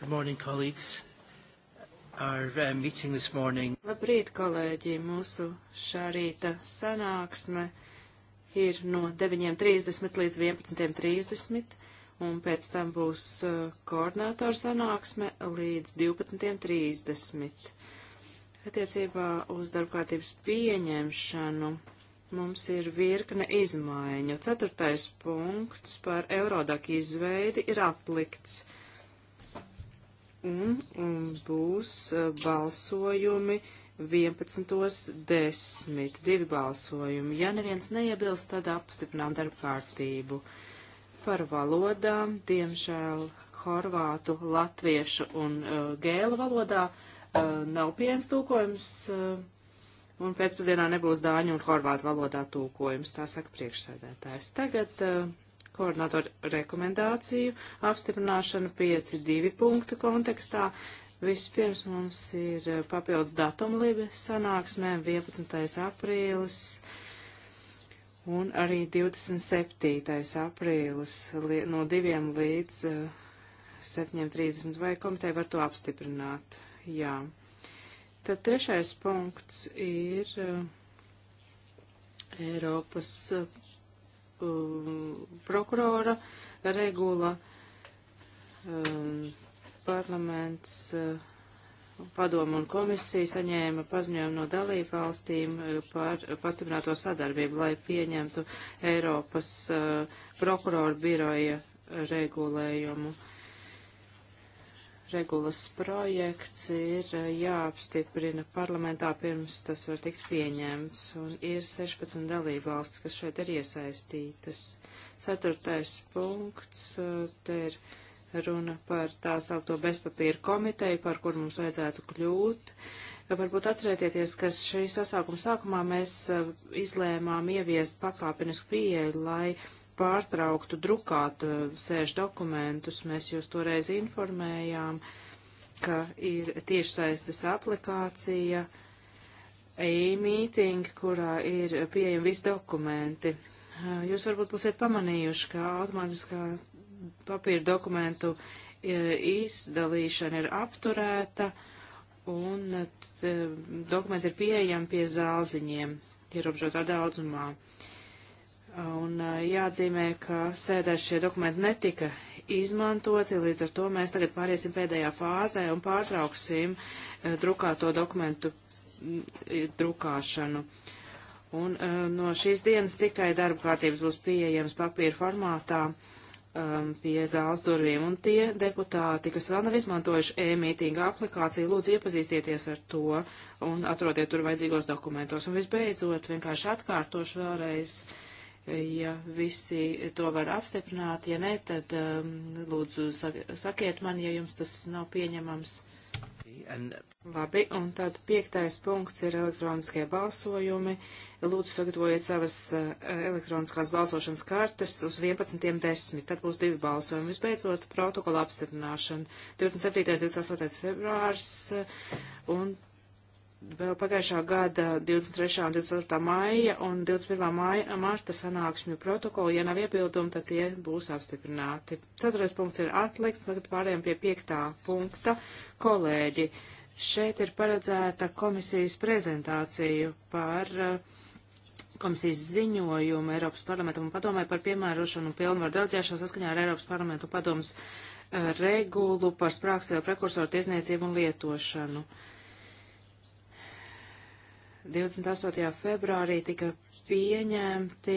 Good morning, colleagues. Our uh, meeting this morning. Labrīt, kolēģi! Mūsu šā rīta sanāksme ir no 9.30 līdz 11.30, un pēc tam būs uh, koordinātora sanāksme līdz 12.30. Attiecībā uz darbkārtības pieņemšanu mums ir virkne izmaiņu. Ceturtais punkts par Eurodak izveidi ir atlikts un būs uh, balsojumi 11.10. Divi balsojumi. Ja neviens neiebilst, tad apstiprinām darba kārtību. Par valodām, diemžēl, horvātu, latviešu un uh, gēlu valodā uh, nav pieejams tūkojums, uh, un pēcpusdienā nebūs dāņu un horvātu valodā tūkojums, tā saka priekšsēdētājs. Tagad uh, koordinātoru rekomendāciju apstiprināšanu 5.2 punktu kontekstā. Vispirms mums ir eh, papildus datumlibi sanāksmē 11. aprīlis un arī 27. aprīlis no 2 līdz 7.30 eh, vai komiteja var to apstiprināt. Jā. Tad trešais punkts ir eh, Eiropas um, prokurora regula. Um, parlaments, uh, padomu un komisija saņēma paziņojumu no dalību valstīm uh, par pastiprināto sadarbību, lai pieņemtu Eiropas uh, prokuroru biroja regulējumu. Uh, regulas projekts ir eh, jāapstiprina parlamentā pirms tas var tikt pieņemts, un ir 16 dalībvalstis, kas šeit ir iesaistītas. Ceturtais punkts, eh, te ir runa par tā saukto bezpapīra komiteju, par kur mums vajadzētu kļūt. Varbūt atcerēties, ka šī sasaukuma sākumā mēs eh, izlēmām ieviest pakāpenisku pieeju, lai pārtrauktu drukāt eh, sēž dokumentus. Mēs jūs toreiz informējām, ka ir tiešsaistes aplikācija e-meeting, kurā ir pieejami visi dokumenti. Eh, jūs varbūt būsiet pamanījuši, ka automātiskā papīra dokumentu eh, izdalīšana ir apturēta un dokumenti ir pieejami pie zālziņiem, ierobežotā daudzumā. Uh, Un jāatzīmē, ka sēdē šie dokumenti netika izmantoti, līdz ar to mēs tagad pāriesim pēdējā fāzē un pārtrauksim eh, drukāto dokumentu drukāšanu. Un eh, no šīs dienas tikai darba kārtības būs pieejams papīra formātā um, pie zāles durvīm, un tie deputāti, kas vēl nav izmantojuši e-mītīga aplikāciju, lūdzu iepazīstieties ar to un atrodiet tur vajadzīgos dokumentos. Un visbeidzot, vienkārši atkārtošu vēlreiz. Uh, ja visi to var apstiprināt, ja ne, tad um, lūdzu sakiet man, ja jums tas nav pieņemams. And... Labi, un tad piektais punkts ir elektroniskie balsojumi. Lūdzu sagatavojiet savas uh, elektroniskās balsošanas kartes uz 11.10. Tad būs divi balsojumi. Visbeidzot, protokola apstiprināšana 27. 28. februārs uh, un vēl pagājušā gada 23. un 24. maija un 21. Maija, marta sanāksmju protokoli. Ja nav iebildumi, tad tie būs apstiprināti. Ceturtais punkts ir atlikts, tagad pārējām pie piektā punkta. Kolēģi, šeit ir paredzēta komisijas prezentācija par eh, komisijas ziņojumu Eiropas parlamentam un padomē par piemērošanu un pilnvaru delģēšanu saskaņā ar Eiropas parlamentu padomas eh, regulu par sprākstēlu prekursoru tiesniecību un lietošanu. Uh, 28. februārī tika pieņemti,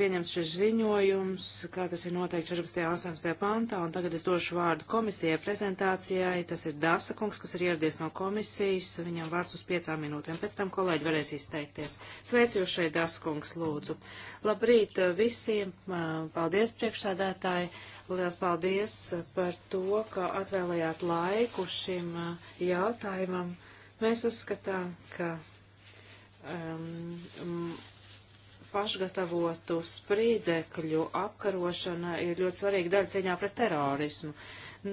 pieņemts šis ziņojums, kā tas ir noteikts 14. un 18. pantā, un tagad es došu vārdu komisijai prezentācijai. Tas ir Dasa kungs, kas ir ieradies no komisijas, viņam vārds uz piecām minūtēm, pēc tam kolēģi varēs izteikties. Sveicu jūs šeit, Dasa kungs, lūdzu. Labrīt uh, visiem, uh, paldies priekšsādētāji, liels paldies par to, ka atvēlējāt laiku šim uh, jautājumam. Mēs uzskatām, ka um, pašgatavotu sprīdzekļu apkarošana ir ļoti svarīga daļa cīņā pret terorismu.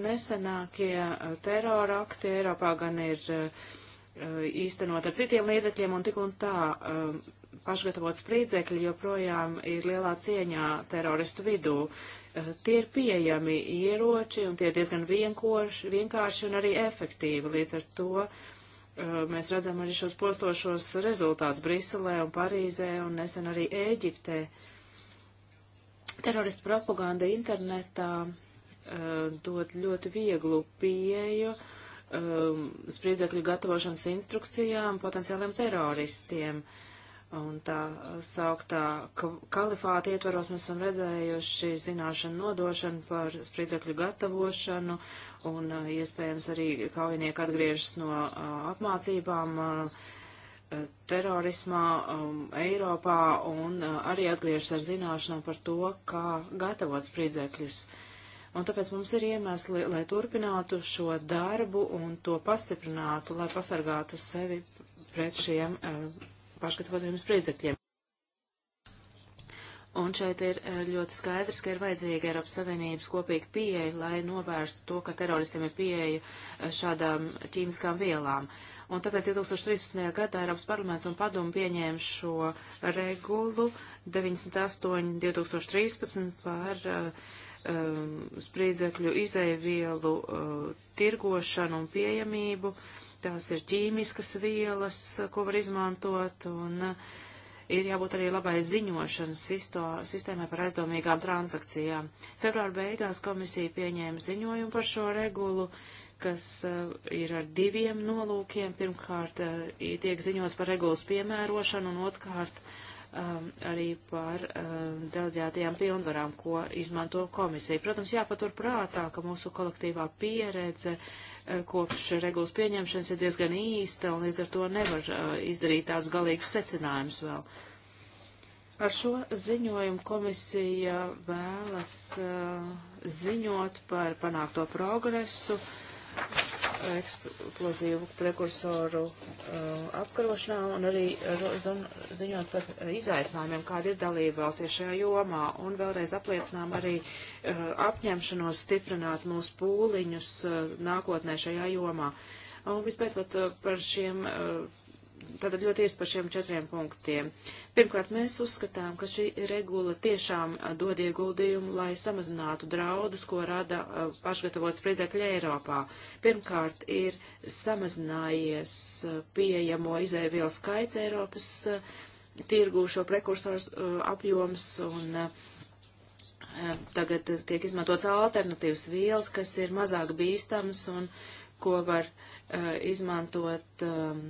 Nesenākie uh, terora akti Eiropā gan ir uh, uh, īstenot ar citiem līdzekļiem, un tik un tā um, pašgatavots sprīdzekļi joprojām ir lielā cieņā teroristu vidū. Uh, tie ir pieejami ieroči, un tie diezgan vienkoši, vienkārši un arī efektīvi. Līdz ar to uh, Uh, mēs redzam arī šos postošos rezultātus Briselē un Parīzē un nesen arī Ēģiptē. Teroristu propaganda internetā uh, dod ļoti vieglu pieeju um, spriedzekļu gatavošanas instrukcijām potenciāliem teroristiem. Uh, un tā sauktā kalifāta ietvaros mēs esam redzējuši zināšanu nodošanu par spridzekļu gatavošanu un uh, iespējams arī kaujinieki atgriežas no a, uh, apmācībām a, uh, terorismā a, um, Eiropā un arī atgriežas ar zināšanām par to, kā gatavot spridzekļus. Un tāpēc mums ir iemesli, lai turpinātu šo darbu un to pastiprinātu, lai pasargātu sevi pret šiem uh, pašgatavotiem spriedzekļiem. Un šeit ir eh, ļoti skaidrs, ka ir vajadzīga Eiropas Savienības kopīga pieeja, lai novērstu to, ka teroristiem ir pieeja eh, šādām ķīmiskām vielām. Un tāpēc 2013. gadā Eiropas parlaments un padomu pieņēma šo regulu 98-2013 par uh, um, spriedzekļu izēvielu uh, tirgošanu un pieejamību. Uh, tās ir ķīmiskas vielas, ko var izmantot, un uh, ir jābūt arī labai ziņošanas sistēmai par aizdomīgām transakcijām. Februāra beigās komisija pieņēma ziņojumu par šo regulu, kas uh, ir ar diviem nolūkiem. Pirmkārt, uh, tiek ziņots par regulas piemērošanu, un otrkārt, um, arī par um, delģētajām pilnvarām, ko izmanto komisija. Protams, jāpatur prātā, ka mūsu kolektīvā pieredze uh, kopš regulas pieņemšanas ir diezgan īsta, un līdz ar to nevar uh, izdarīt tādus galīgus secinājumus vēl. Ar šo ziņojumu komisija vēlas uh, ziņot par panākto progresu eksplozīvu prekursoru uh, apkarošanā un arī ziņot par uh, izaicinājumiem, kāda ir dalība valstīs šajā jomā. Un vēlreiz apliecinām arī uh, apņemšanos stiprināt mūsu pūliņus uh, nākotnē šajā jomā. Un vispēc uh, par šiem uh, tātad ļoti ies par šiem četriem punktiem. Pirmkārt, mēs uzskatām, ka šī regula tiešām dod ieguldījumu, lai samazinātu draudus, ko rada pašgatavots spriedzekļi Eiropā. Pirmkārt, ir samazinājies pieejamo izēvielu skaits Eiropas tirgū šo prekursoru apjoms un tagad tiek izmantots alternatīvas vielas, kas ir mazāk bīstams un ko var uh, izmantot um,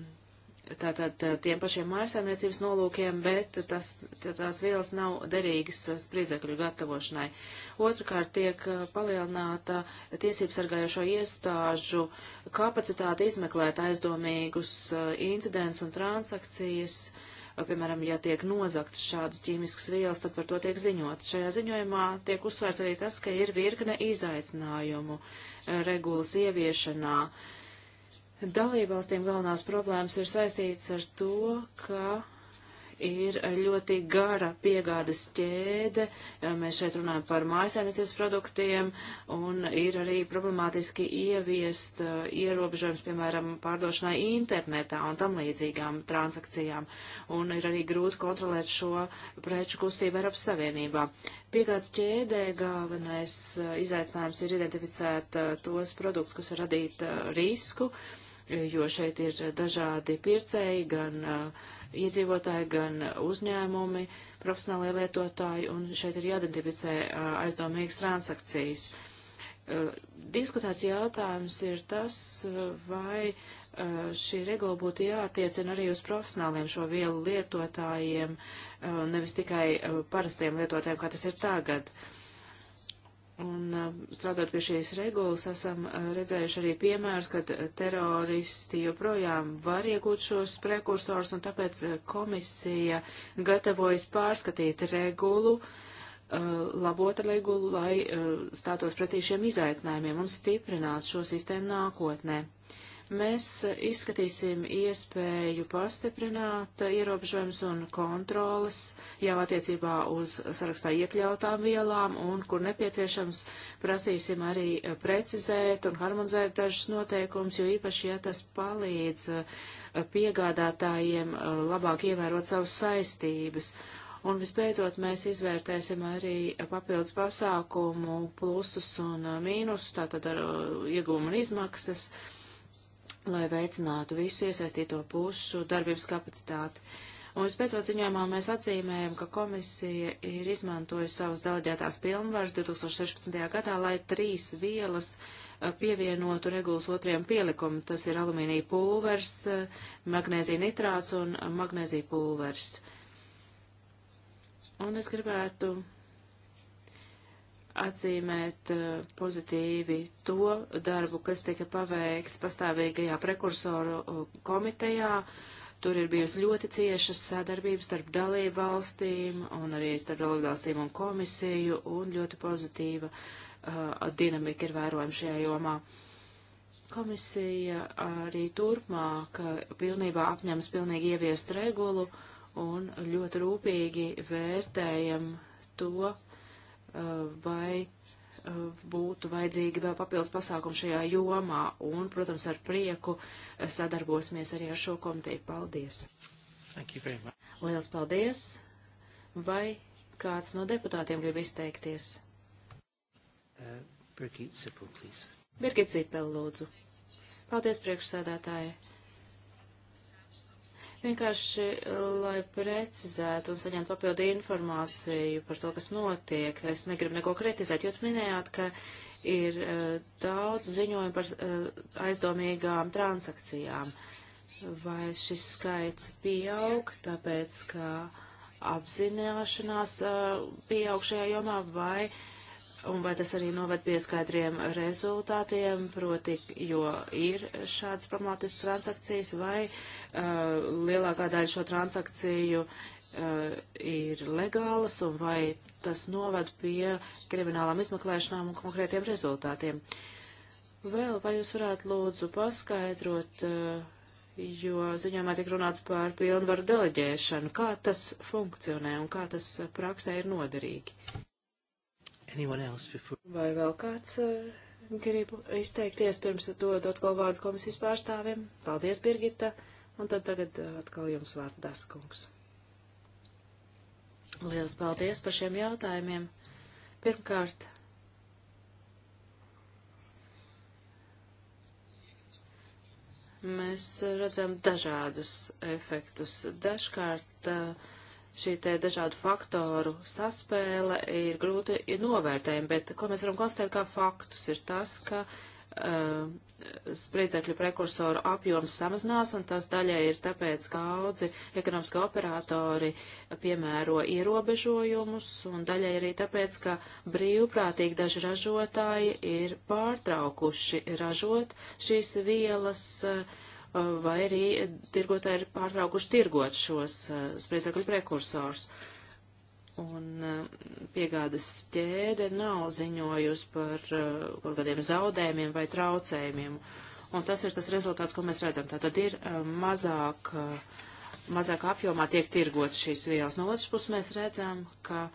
tātad tiem pašiem mājasēmniecības nolūkiem, bet tas, tā, tās vielas nav derīgas uh, spriedzekļu gatavošanai. Otrakārt tiek uh, palielināta tiesības sargājošo iestāžu kapacitāte izmeklēt aizdomīgus uh, incidents un transakcijas. Piemēram, ja tiek nozaktas šādas ķīmiskas vielas, tad par to tiek ziņots. Šajā ziņojumā tiek uzsvērts arī tas, ka ir virkne izaicinājumu regulas ieviešanā. Uh, Dalībvalstīm galvenās problēmas ir saistītas ar to, ka ir ļoti gara piegādes ķēde. Mēs šeit runājam par mājasēmniecības produktiem un ir arī problemātiski ieviest uh, ierobežojums, piemēram, pārdošanai internetā un tam līdzīgām transakcijām. Un ir arī grūti kontrolēt šo preču kustību Eiropas Savienībā. Piegādes ķēdē galvenais uh, izaicinājums ir identificēt uh, tos produktus, kas var radīt uh, risku. Uh, jo šeit ir dažādi pircēji, gan uh, iedzīvotāji, gan uzņēmumi, profesionālie lietotāji, un šeit ir jāidentificē uh, aizdomīgas transakcijas. Uh, diskutēts jautājums ir tas, uh, vai uh, šī regula būtu jātiecina arī uz profesionāliem šo vielu lietotājiem, uh, nevis tikai parastiem lietotājiem, kā tas ir tagad. Uh, Un uh, strādāt pie šīs regulas, esam uh, redzējuši arī piemērus, kad teroristi joprojām var iegūt šos prekursors, un tāpēc uh, komisija gatavojas pārskatīt regulu, labot regulu, lai stātos pretī šiem izaicinājumiem un stiprināt šo sistēmu nākotnē. Mēs eh, izskatīsim iespēju pastiprināt ierobežojumus un kontroles jau attiecībā uz sarakstā iekļautām vielām un, kur nepieciešams, prasīsim arī eh, precizēt un harmonizēt dažus noteikumus, jo īpaši, ja tas palīdz eh, piegādātājiem labāk ievērot savas saistības. Un visbeidzot, mēs izvērtēsim arī papildus pasākumu plusus un mīnusus, tātad ar, ar ieguvumu un izmaksas, lai veicinātu visu iesaistīto pušu darbības kapacitāti. Un vispēcot ziņojumā mēs atzīmējam, ka komisija ir izmantojusi savas deleģētās pilnvaras 2016. gadā, lai trīs vielas uh, pievienotu regulas otriem pielikumu. Tas ir alumīnija pulvers, uh, magnēzija nitrāts un uh, magnēzija pulvers. Un es gribētu atzīmēt eh, pozitīvi to darbu, kas tika paveikts pastāvīgajā prekursoru eh, komitejā. Tur ir bijusi ļoti cieša sadarbība starp dalību valstīm un arī starp dalību valstīm un komisiju, un ļoti pozitīva uh, dinamika ir vērojama šajā jomā. Komisija arī turpmāk pilnībā apņemas pilnīgi ieviest regulu un ļoti rūpīgi vērtējam to, vai eh, būtu vajadzīgi vēl papildus pasākumu šajā jomā, un, protams, ar prieku eh, sadarbosimies arī ar šo komiteju. Paldies! Liels paldies! Vai kāds no deputātiem grib izteikties? Uh, Birgit Sipel, lūdzu. Paldies, priekšsēdētāji! Vienkārši, lai precizētu un saņemtu papildu informāciju par to, kas notiek, es negribu neko kritizēt, jo minējāt, ka ir uh, daudz ziņojumu par uh, aizdomīgām transakcijām. Vai šis skaits pieaug, tāpēc, ka apzināšanās uh, pieaug šajā jomā, vai uh, un vai tas arī noved pie skaidriem rezultātiem, proti, jo ir šādas problemātiskas transakcijas, vai uh, lielākā daļa šo transakciju uh, ir legālas, un vai tas noved pie kriminālām izmeklēšanām un konkrētiem rezultātiem. Vēl vai jūs varētu lūdzu paskaidrot, uh, jo ziņojumā tiek runāts par pilnvaru deleģēšanu, kā tas funkcionē un kā tas praksē ir noderīgi? Vai vēl kāds uh, grib izteikties pirms dodot atkal vārdu komisijas pārstāvim? Paldies, Birgita. Un tad tagad eh, atkal jums vārds Daskungs. Liels paldies par šiem jautājumiem. Pirmkārt, mēs redzam dažādus efektus. Dažkārt uh, šī te dažādu faktoru saspēle ir grūti ir novērtējama, bet ko mēs varam konstatēt kā faktus ir tas, ka uh, spriedzekļu prekursoru apjoms samazinās, un tas daļai ir tāpēc, ka audzi ekonomiskā operatori piemēro ierobežojumus, un daļai arī tāpēc, ka brīvprātīgi daži ražotāji ir pārtraukuši ražot šīs vielas uh, vai arī tirgotāji ir pārtraukuši tirgot šos eh, spriedzekļu prekursors. Un eh, piegādes ķēde nav ziņojusi par eh, kaut kādiem zaudējumiem vai traucējumiem. Un tas ir tas rezultāts, ko mēs redzam. Tātad ir mazāk, mazāk apjomā tiek tirgot šīs vielas. No otras puses mēs redzam, ka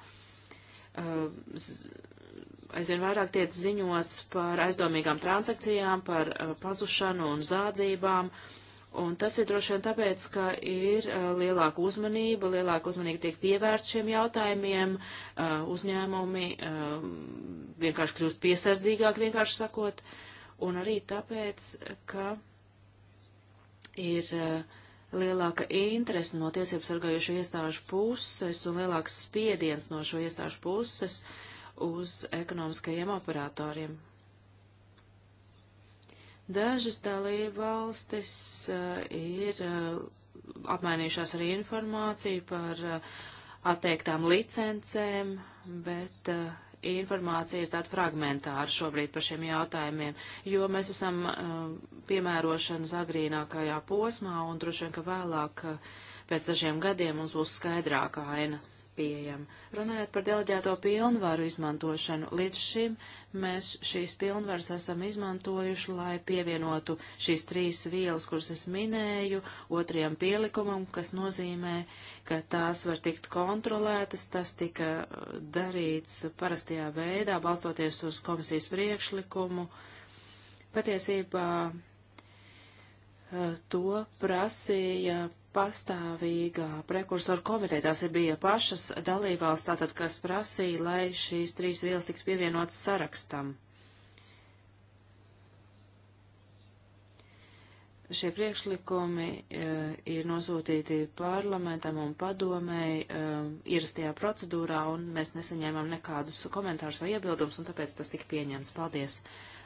aizvien vairāk tiek ziņots par aizdomīgām transakcijām, par uh, pazušanu un zādzībām. Un tas ir droši vien tāpēc, ka ir uh, lielāka uzmanība, lielāka uzmanība tiek pievērst šiem jautājumiem, uh, uzņēmumi uh, vienkārši kļūst piesardzīgāk, vienkārši sakot, un arī tāpēc, ka ir uh, lielāka interese no tiesību sargājušo iestāžu puses un lielāks spiediens no šo iestāžu puses uh, uz ekonomiskajiem operatoriem. Dažas dalība valstis uh, eh, ir uh, apmainījušās arī informāciju par uh, atteiktām licencēm, bet uh, informācija ir tāda fragmentāra šobrīd par šiem jautājumiem, jo mēs esam uh, piemērošanas agrīnākajā posmā un droši vien, ka vēlāk uh, pēc dažiem gadiem mums būs skaidrāka aina pieejama. Runājot par deleģēto pilnvaru izmantošanu, līdz šim mēs šīs pilnvaras esam izmantojuši, lai pievienotu šīs trīs vielas, kuras es minēju, otriem pielikumam, kas nozīmē, ka tās var tikt kontrolētas. Tas tika uh, darīts parastajā veidā, balstoties uz komisijas priekšlikumu. Patiesībā uh, to prasīja pastāvīgā prekursoru komiteja, tās ir bija pašas dalībvalsts, tātad, kas prasīja, lai šīs trīs vielas tiktu pievienotas sarakstam. Šie priekšlikumi e, ir nosūtīti parlamentam un padomēji e, ierastajā procedūrā, un mēs nesaņēmām nekādus komentārus vai iebildumus, un tāpēc tas tika pieņemts. Paldies!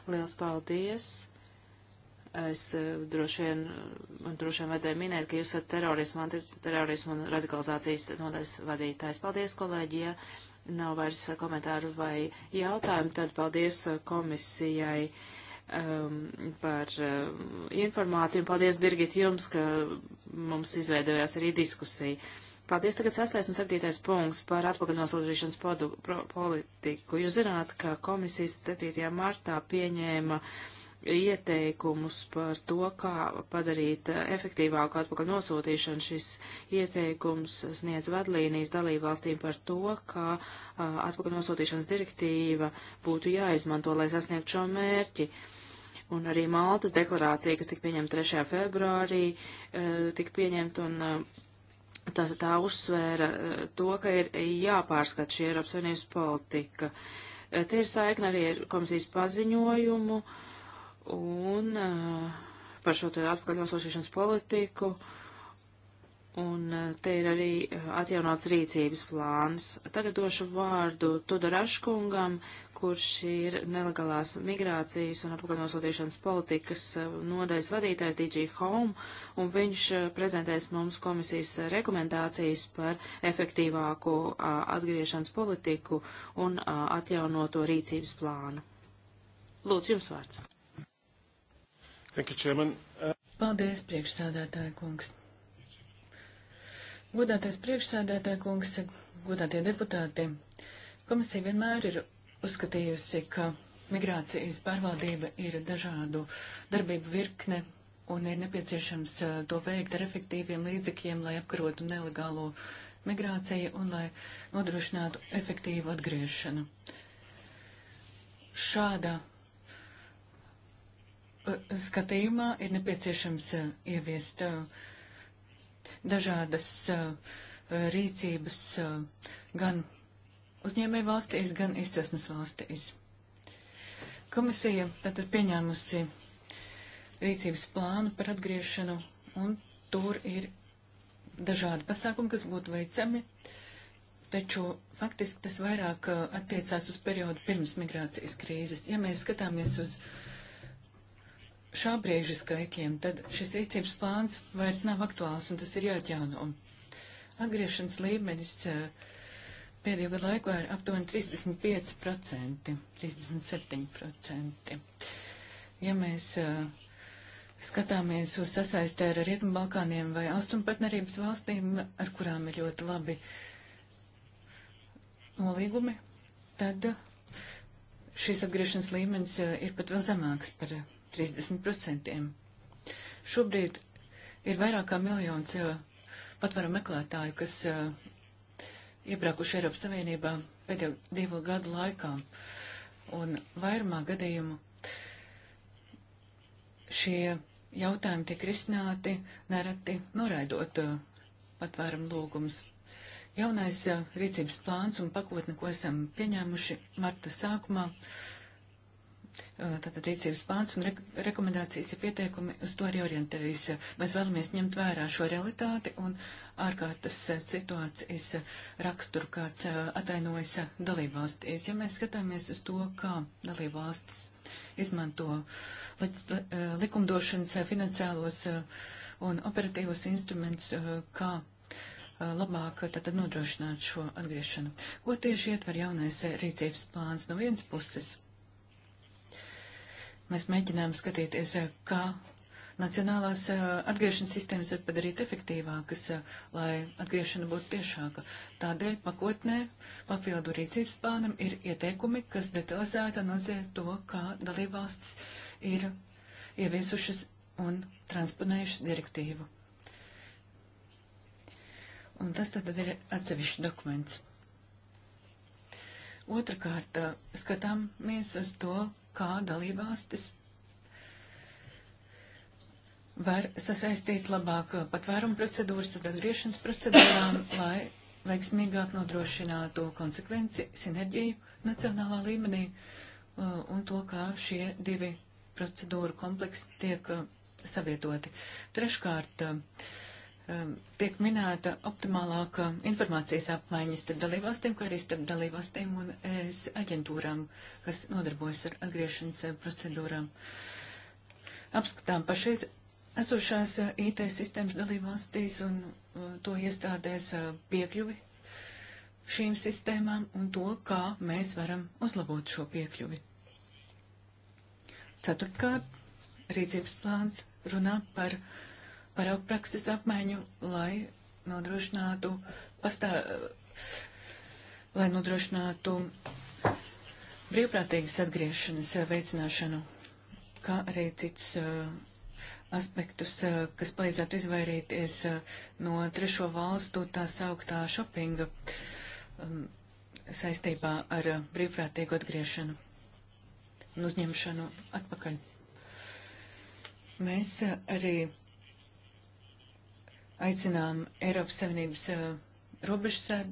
Liels paldies! Es eh, droši vien, man droši vien vajadzēja minēt, ka jūs esat terorismu, antiterorismu un radikalizācijas nodaļas vadītājs. Paldies, kolēģi, ja nav vairs eh, komentāru vai jautājumu, tad paldies eh, komisijai um, par um, informāciju. Paldies, Birgit, jums, ka mums izveidojās arī diskusija. Paldies, tagad 6. un 7. punkts par atpakaļnosūtīšanas politiku. Jūs zināt, ka komisijas 7. martā pieņēma uh, ieteikumus par to, kā padarīt eh, efektīvāku atpakaļ nosūtīšanu. Šis ieteikums sniedz vadlīnijas dalībvalstīm par to, kā eh, atpakaļ nosūtīšanas direktīva būtu jāizmanto, lai sasniegtu šo mērķi. Un arī Maltas deklarācija, kas tika pieņemta 3. februārī, eh, tika pieņemta un tā, tā uzsvēra to, ka ir jāpārskat šī Eiropas Savienības politika. Te ir saikna arī ar komisijas paziņojumu. Uh, un uh, par šo te atpakaļ nosūtīšanas politiku. Un uh, te ir arī atjaunots rīcības plāns. Tagad došu vārdu Tudoraškungam, kurš ir nelegālās migrācijas un atpakaļ nosūtīšanas politikas nodaļas vadītājs DG Home, un viņš prezentēs mums komisijas rekomendācijas par efektīvāku a, atgriešanas politiku un a, atjaunoto rīcības plānu. Lūdzu, jums vārds. Thank you, Chairman. Uh, Paldies, priekšsādātāja kungs. Godātais priekšsādātāja kungs, godātie deputāti, komisija vienmēr ir uzskatījusi, ka migrācijas pārvaldība ir dažādu darbību virkne un ir nepieciešams uh, to veikt ar efektīviem līdzekļiem, lai apkarotu nelegālo migrāciju un lai nodrošinātu efektīvu atgriešanu. Šāda skatījumā ir nepieciešams uh, ieviest uh, dažādas uh, rīcības gan uzņēmēju valstīs, gan izcelsmes valstīs. Komisija tātad pieņēmusi rīcības plānu par atgriešanu, un tur ir dažādi pasākumi, kas būtu veicami, taču faktiski tas vairāk attiecās uz periodu pirms migrācijas krīzes. Ja mēs skatāmies uz uh, šā brīža skaitļiem, tad šis rīcības plāns vairs nav aktuāls un tas ir jāatjauno. Atgriešanas līmenis pēdējo gadu laikā ir aptuveni 35%, 37%. Ja mēs skatāmies uz sasaistē ar Rietumbalkāniem vai Austrumpartnerības valstīm, ar kurām ir ļoti labi nolīgumi, tad šis atgriešanas līmenis ir pat vēl zemāks par 30%. Šobrīd ir vairāk kā miljons patvaru meklētāju, kas iebraukuši Eiropas Savienībā pēdējo divu gadu laikā. Un vairumā gadījumu šie jautājumi tiek risināti, nereti noraidot patvērumu lūgums. Jaunais rīcības plāns un pakotne, ko esam pieņēmuši marta sākumā, uh, tātad rīcības plāns un re rekomendācijas ir pieteikumi uz to arī orientējas. Mēs vēlamies ņemt vērā šo realitāti un ārkārtas situācijas raksturu, kāds atainojas dalībvalstīs. Ja mēs skatāmies uz to, kā dalībvalstis izmanto likumdošanas finansiālos un operatīvos instrumentus, kā labāk tad nodrošināt šo atgriešanu. Ko tieši ietver jaunais rīcības plāns no vienas puses? Mēs mēģinām skatīties, eh, kā nacionālās eh, atgriešanas sistēmas var padarīt efektīvākas, eh, lai atgriešana būtu tiešāka. Tādēļ pakotnē papildu rīcības plānam ir ieteikumi, kas detalizēti analizē to, kā dalībvalstis ir ieviesušas un transponējušas direktīvu. Un tas tad ir atsevišķs dokuments. Otrakārt, skatāmies uz to, kā dalībvalstis var sasaistīt labāk patvērumu procedūras ar atgriešanas procedūrām, lai veiksmīgāk nodrošinātu konsekvenci, sinerģiju nacionālā līmenī uh, un to, kā šie divi procedūru kompleksi tiek uh, savietoti. Treškārt, uh, Um, tiek minēta optimālāka informācijas apmaiņa starp dalībvalstīm, kā arī starp dalībvalstīm un ES aģentūrām, kas nodarbojas ar atgriešanas uh, procedūrām. Apskatām pašreiz esošās uh, IT sistēmas dalībvalstīs un uh, to iestādēs piekļuvi šīm sistēmām un to, kā mēs varam uzlabot šo piekļuvi. Ceturtkārt, rīcības plāns runā par uh, paraugu prakses apmaiņu, lai nodrošinātu, pastā, lai nodrošinātu brīvprātīgas atgriešanas eh, veicināšanu, kā arī citus eh, aspektus, eh, kas palīdzētu izvairīties no trešo valstu tā sauktā šopinga um, saistībā ar brīvprātīgu atgriešanu un uzņemšanu atpakaļ. Mēs arī aicinām Eiropas Savienības uh, robežas uh,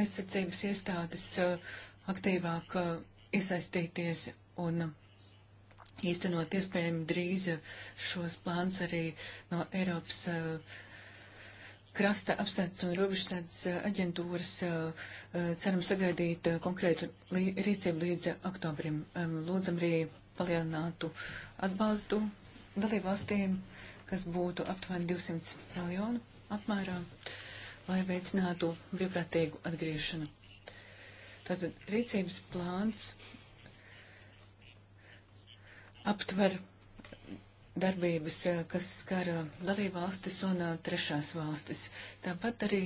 aizsardzības iestādes uh, aktīvāk uh, iesaistīties un uh, īstenot iespējami drīz uh, šos plānus arī no Eiropas krasta apsardzes un robežsardzes aģentūras. Ceram sagaidīt konkrētu lī, rīcību līdz oktobrim. Um, lūdzam arī palielinātu atbalstu dalībvalstīm. Uh, kas būtu aptuveni 200 miljonu apmērā, lai veicinātu brīvprātīgu atgriešanu. Tātad rīcības plāns aptver darbības, eh, kas skar eh, dalībvalstis un eh, trešās valstis. Tāpat arī,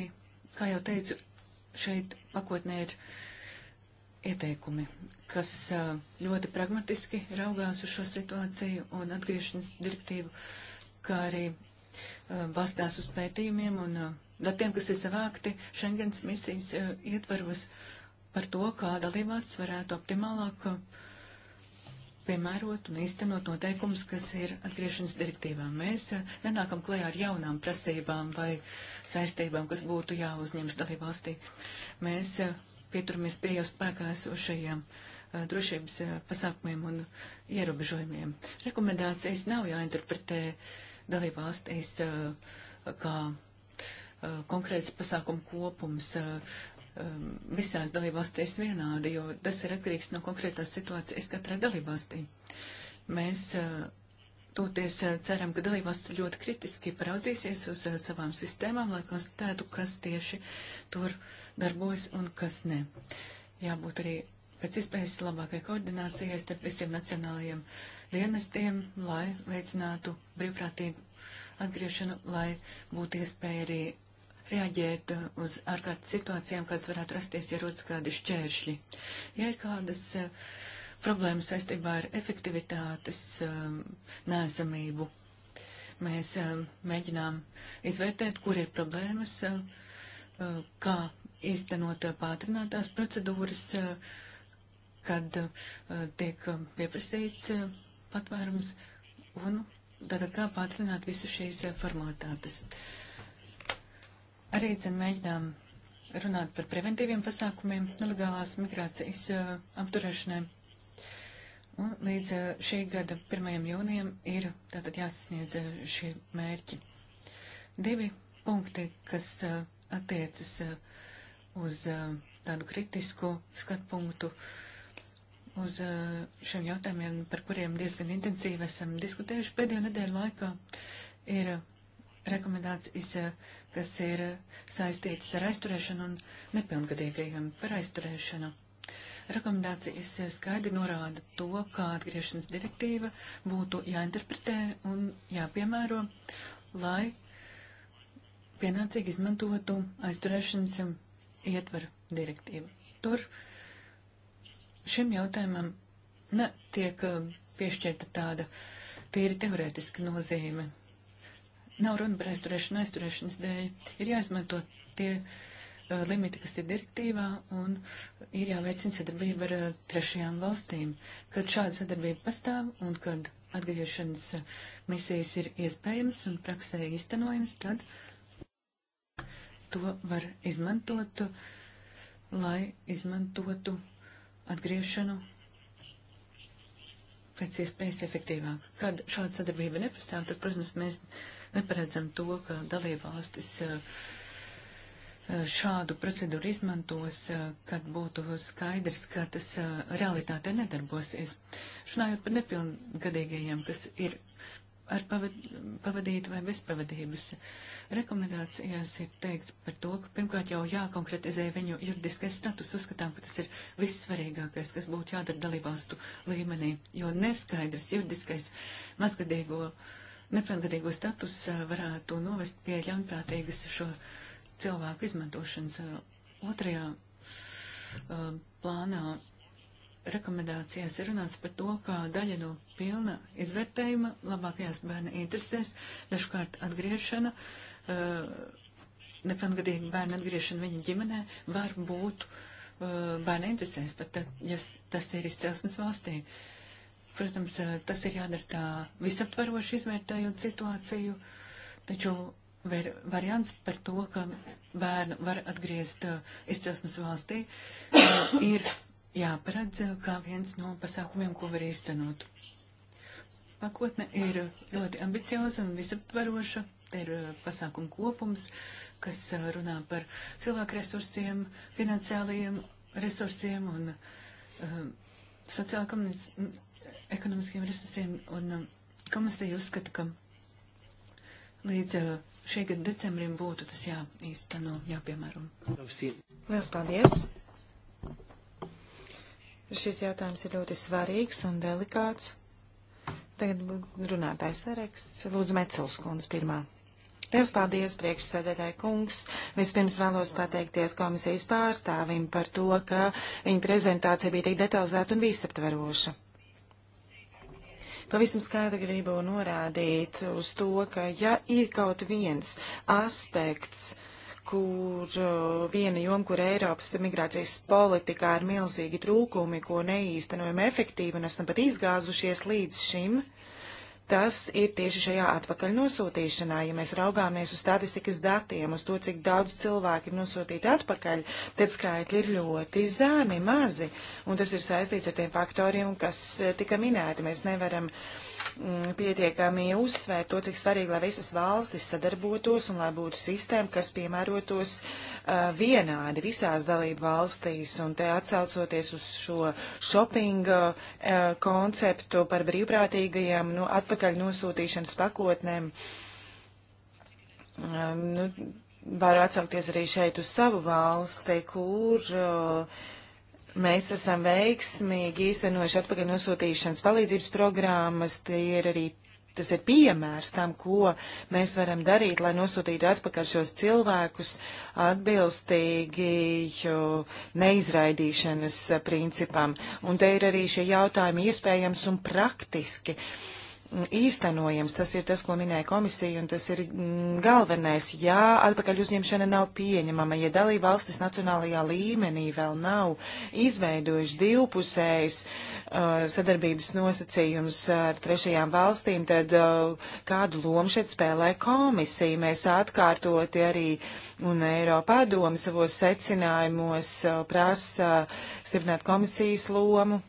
kā jau teicu, šeit pakotnē ir ieteikumi, kas ļoti pragmatiski raugās uz šo situāciju un atgriešanas direktīvu kā arī balstās uz pētījumiem un datiem, kas ir savākti Schengens misijas ietvaros par to, kā dalībvalsts varētu optimālāk piemērot un īstenot noteikumus, kas ir atgriešanas direktīvā. Mēs nenākam klajā ar jaunām prasībām vai saistībām, kas būtu jāuzņems dalībvalstī. Mēs pieturamies pie jau spēkā esošajiem drošības pasākumiem un ierobežojumiem. Rekomendācijas nav jāinterpretē uh, dalībvalstīs eh, kā eh, konkrēts pasākumu kopums eh, visās dalībvalstīs vienādi, jo tas ir atkarīgs no konkrētās situācijas katrai dalībvalstī. Mēs toties ceram, ka dalībvalsts ļoti kritiski paraudzīsies uz savām sistēmām, lai konstatētu, kas tieši tur darbojas un kas ne. Jābūt arī pēc iespējas labākai koordinācijai starp visiem nacionālajiem uh, dienestiem, lai veicinātu brīvprātīgu atgriešanu, lai būtu iespēja arī reaģēt uh, uz ārkārtas situācijām, kādas varētu rasties, ja rodas kādi šķēršļi. Ja ir kādas uh, problēmas saistībā ar efektivitātes um, nēsamību, mēs um, mēģinām izvērtēt, kur ir problēmas, uh, kā īstenot pātrinātās procedūras, kad tiek um, pieprasīts patvērums un tātad kā pātrināt visu šīs eh, formalitātes. Arī, zin, mēģinām runāt par preventīviem pasākumiem nelegālās migrācijas uh, apturēšanai. Un līdz uh, šī gada 1. jūnijam ir tātad jāsasniedz uh, šie mērķi. Divi punkti, kas attiecas uz tādu kritisku skatu punktu. Uh, uz uh, šiem jautājumiem, par kuriem diezgan intensīvi esam diskutējuši pēdējo nedēļu laikā, ir uh, rekomendācijas, uh, kas ir saistītas ar aizturēšanu un nepilngadīgajiem par aizturēšanu. Rekomendācijas skaidri norāda to, kā atgriešanas direktīva būtu jāinterpretē un jāpiemēro, lai pienācīgi izmantotu aizturēšanas um, ietvaru direktīvu. Tur uh, šim jautājumam netiek eh, piešķirta tāda tīri teorētiska nozīme. Nav runa par aizturēšanu aizturēšanas dēļ. Ir jāizmanto tie uh, limiti, kas ir direktīvā, un ir jāveicina sadarbība ar uh, trešajām valstīm. Kad šāda sadarbība pastāv un kad atgriešanas uh, misijas ir iespējams un praksē īstenojams, tad to var izmantot, lai izmantotu atgriešanu pēc iespējas efektīvāk. Kad šāda sadarbība nepastāv, tad, protams, mēs neparedzam to, ka dalībvalstis eh, eh, šādu procedūru izmantos, eh, kad būtu skaidrs, ka tas realitāte nedarbosies. Runājot par nepilngadīgajiem, kas ir ar pavad, pavadītu vai bezpavadības rekomendācijās ir teikts par to, ka pirmkārt jau jākonkretizē viņu juridiskais status, uzskatām, ka tas ir vissvarīgākais, kas būtu jādara dalībvalstu līmenī, jo neskaidrs juridiskais mazgadīgo, nepilngadīgo status varētu novest pie ļaunprātīgas šo cilvēku izmantošanas. Otrajā plānā rekomendācijās ir runāts par to, kā daļa no pilna izvērtējuma labākajās bērna interesēs, dažkārt atgriešana, eh, nepilngadīgi bērna atgriešana viņa ģimenē var būt eh, bērna interesēs, pat tad, ja tas ir izcelsmes valstī. Protams, eh, tas ir jādara tā visaptvaroši izvērtējot situāciju, taču var, variants par to, ka bērnu var atgriezt izcelsmes valstī, ir jāparedz kā viens no pasākumiem, ko var īstenot. Pakotne ir ļoti ambicioza un visaptvaroša. Te ir eh, pasākumu kopums, kas eh, runā par cilvēku resursiem, finansiālajiem resursiem un um, eh, sociālajiem ekonomiskiem resursiem. Un um, komisija uzskata, ka līdz uh, šī gada decembrim būtu tas jāīsteno, jāpiemēro. Lielas paldies! Šis jautājums ir ļoti svarīgs un delikāts. Tagad runātājs saraksts. Lūdzu, Mecels kundze pirmā. Liels paldies, priekšsēdētāji kungs. Vispirms vēlos pateikties komisijas pārstāvim par to, ka viņa prezentācija bija tik detalizēta un visaptveroša. Pavisam skaidri gribu norādīt uz to, ka ja ir kaut viens aspekts, uh, kur uh, viena joma, kur Eiropas migrācijas politikā ir milzīgi trūkumi, ko neīstenojam efektīvi un esam pat izgāzušies līdz šim, tas ir tieši šajā atpakaļ nosūtīšanā. Ja mēs raugāmies uz statistikas datiem, uz to, cik daudz cilvēku ir nosūtīti atpakaļ, tad skaitļi ir ļoti zemi, mazi, un tas ir saistīts ar tiem faktoriem, kas eh, tika minēti. Mēs nevaram uh, Mm, pietiekami uzsvērt to, cik svarīgi, lai visas valstis sadarbotos un lai būtu sistēma, kas piemērotos uh, vienādi visās dalību valstīs. Un te atsaucoties uz šo shopping uh, konceptu par brīvprātīgajiem nu, atpakaļ nosūtīšanas pakotnēm. Um, nu, Varu atsaukties arī šeit uz savu valsti, kur uh, Mēs esam veiksmīgi īstenojuši atpakaļ nosūtīšanas palīdzības programmas. Ir arī, tas ir piemērs tam, ko mēs varam darīt, lai nosūtītu atpakaļ šos cilvēkus atbilstīgi neizraidīšanas principam. Un te ir arī šie jautājumi iespējams un praktiski. Uh, īstenojams. Tas ir tas, ko minēja komisija, un tas ir mm, galvenais. Jā, atpakaļ uzņemšana nav pieņemama, ja dalība valstis nacionālajā līmenī vēl nav izveidojuši divpusējs uh, sadarbības nosacījums ar trešajām valstīm, tad uh, kādu lomu šeit spēlē komisija? Mēs atkārtoti arī un Eiropā doma savos secinājumos uh, prasa stiprināt komisijas lomu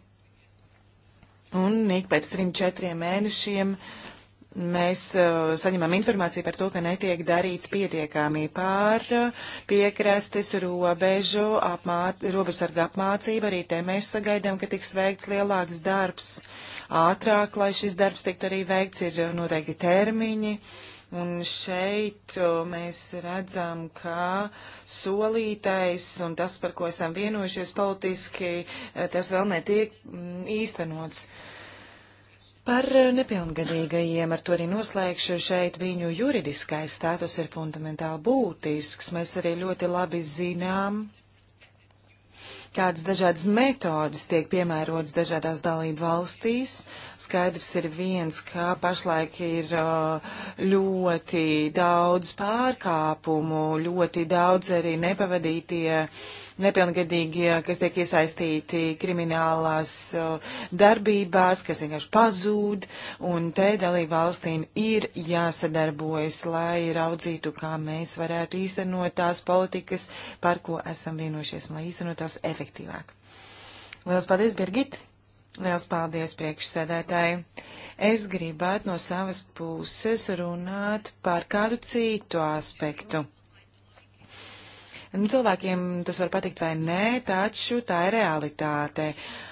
Un ik pēc trim, četriem mēnešiem mēs uh, saņemam informāciju par to, ka netiek darīts pietiekami pār uh, piekrastes robežu apmā, robežsarga apmācību. Arī te mēs sagaidām, ka tiks veikts lielāks darbs ātrāk, lai šis darbs tiktu arī veikts, ir noteikti termiņi. Uh, Un šeit mēs redzam, ka solītais un tas, par ko esam vienojušies politiski, e, tas vēl netiek mm, īstenots. Par nepilngadīgajiem ar to arī noslēgšu šeit viņu juridiskais status ir fundamentāli būtisks. Mēs arī ļoti labi zinām, kādas dažādas metodas tiek piemērotas dažādās dalību valstīs, Skaidrs ir viens, ka pašlaik ir uh, ļoti daudz pārkāpumu, ļoti daudz arī nepavadītie nepilngadīgie, kas tiek iesaistīti kriminālās uh, darbībās, kas vienkārši pazūd, un te dalību valstīm ir jāsadarbojas, lai raudzītu, kā mēs varētu īstenot tās politikas, par ko esam vienojušies, un lai īstenot tās efektīvāk. Lielas paldies, Birgit! Liels paldies priekšsēdētāji. Es gribētu no savas puses runāt par kādu citu aspektu. Nu, cilvēkiem tas var patikt vai nē, taču tā ir realitāte. Uh,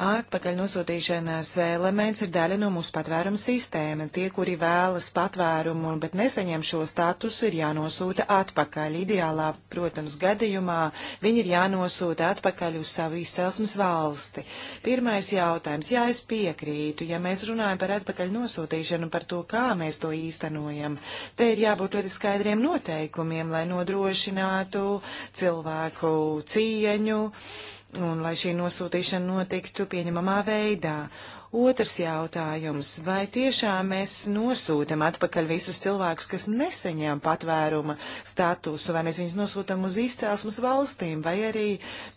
Atpakaļ nosūtīšanās elements ir daļa no mūsu patvēruma sistēma. Tie, kuri vēlas patvērumu, bet nesaņem šo statusu, ir jānosūta atpakaļ. Ideālā, protams, gadījumā viņi ir jānosūta atpakaļ uz savu izcelsmes valsti. Pirmais jautājums. Jā, es piekrītu, ja mēs runājam par atpakaļ nosūtīšanu, par to, kā mēs to īstenojam. Te ir jābūt ļoti skaidriem noteikumiem, lai nodrošinātu cilvēku cieņu un lai šī nosūtīšana notiktu pieņemamā veidā. Otrs jautājums - vai tiešām mēs nosūtam atpakaļ visus cilvēkus, kas neseņem patvēruma statusu, vai mēs viņus nosūtam uz izcelsmes valstīm, vai arī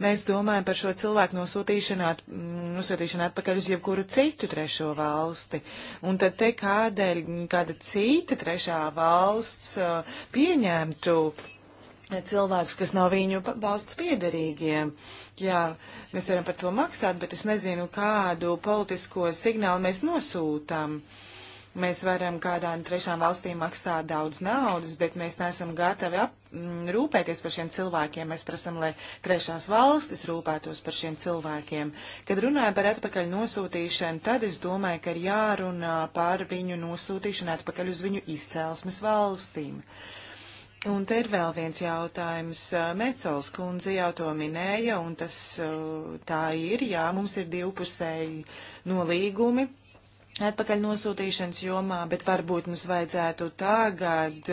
mēs domājam par šo cilvēku nosūtīšanu, at, nosūtīšanu atpakaļ uz jebkuru citu trešo valsti. Un tad te kādēļ kāda cita trešā valsts uh, pieņemtu cilvēkus, kas nav viņu valsts piederīgiem. Jā, mēs varam par to maksāt, bet es nezinu, kādu politisko signālu mēs nosūtām. Mēs varam kādām trešām valstīm maksāt daudz naudas, bet mēs neesam gatavi ap, m, mm, rūpēties par šiem cilvēkiem. Mēs prasam, lai trešās valstis rūpētos par šiem cilvēkiem. Kad runāju par atpakaļ nosūtīšanu, tad es domāju, ka ir jārunā par viņu nosūtīšanu atpakaļ uz viņu izcelsmes valstīm. Uh, Un te ir vēl viens jautājums. Mecols kundze jau to minēja, un tas tā ir. Jā, mums ir divpusēji nolīgumi atpakaļ nosūtīšanas jomā, bet varbūt mums vajadzētu tagad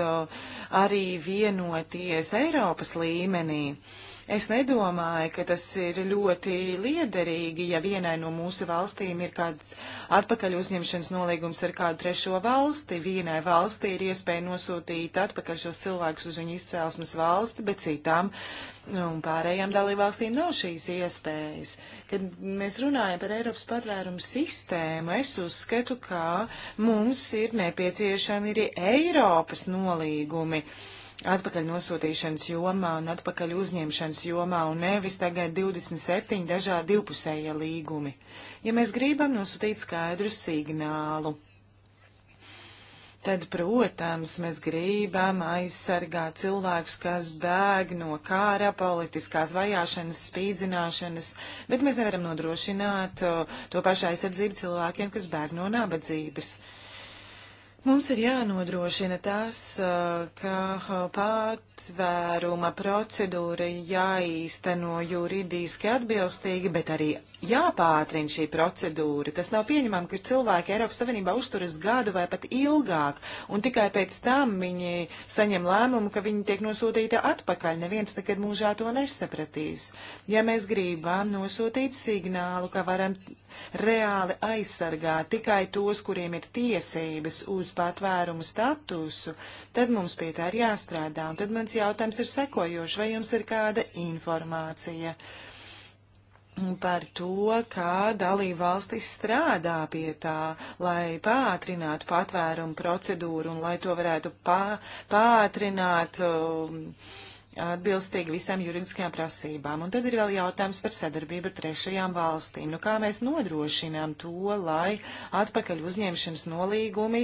arī vienoties Eiropas līmenī. Uh, Es nedomāju, ka tas ir ļoti liederīgi, ja vienai no mūsu valstīm ir kāds atpakaļ uzņemšanas nolīgums ar kādu trešo valsti. Vienai valstī ir iespēja nosūtīt atpakaļ šos cilvēkus uz viņu izcēlesmes valsti, bet citām nu, un pārējām dalībvalstīm nav šīs iespējas. Kad mēs runājam par Eiropas patvērumu sistēmu, es uzskatu, ka mums ir nepieciešami arī Eiropas nolīgumi. Uh, atpakaļ nosūtīšanas jomā un atpakaļ uzņemšanas jomā un nevis tagad 27 dažādi divpusējie līgumi. Ja mēs gribam nosūtīt skaidru signālu, tad, protams, mēs gribam aizsargāt cilvēkus, kas bēg no kāra, politiskās vajāšanas, spīdzināšanas, bet mēs nevaram nodrošināt uh, to pašu aizsardzību cilvēkiem, kas bēg no nabadzības. Uh, Mums ir jānodrošina tas, ka patvēruma procedūra jāīsteno juridiski atbilstīgi, bet arī jāpātrina šī procedūra. Tas nav pieņemami, ka cilvēki Eiropas Savienībā uzturas gadu vai pat ilgāk, un tikai pēc tam viņi saņem lēmumu, ka viņi tiek nosūtīti atpakaļ. Neviens nekad mūžā to nesapratīs. Ja mēs gribam nosūtīt signālu, ka varam reāli aizsargāt tikai tos, kuriem ir tiesības uz patvērumu statusu, tad mums pie tā ir jāstrādā. Un tad mans jautājums ir sekojošs, vai jums ir kāda informācija? Yeah par to, kā dalībvalstis strādā pie tā, lai pātrinātu patvērumu procedūru un lai to varētu pā, pātrināt. Uh, atbilstīgi visām juridiskajām prasībām. Un tad ir vēl jautājums par sadarbību ar trešajām valstīm. Nu, kā mēs nodrošinām to, lai atpakaļ uzņemšanas nolīgumi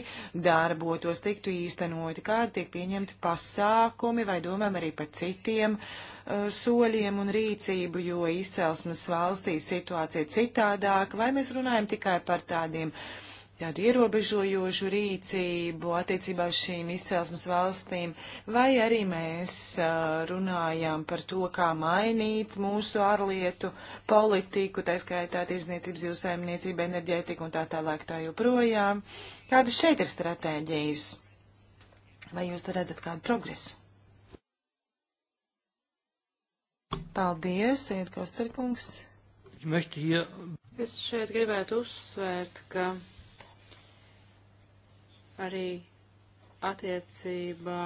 darbotos, tiktu īstenoti, kādi tiek pieņemti pasākumi vai domām arī par citiem uh, soļiem un rīcību, jo izcelsmes valstīs situācija ir citādāka, vai mēs runājam tikai par tādiem uh, tādu ierobežojošu rīcību attiecībā uz šīm izcelsmes valstīm, vai arī mēs runājām par to, kā mainīt mūsu ārlietu politiku, tā skaitā tirzniecības, jūsaimniecība, enerģētika un tā tālāk tā joprojām. Kādas šeit ir stratēģijas? Vai jūs redzat kādu progresu? Paldies, Iet Kosterkungs. Es šeit gribētu uzsvērt, ka arī attiecībā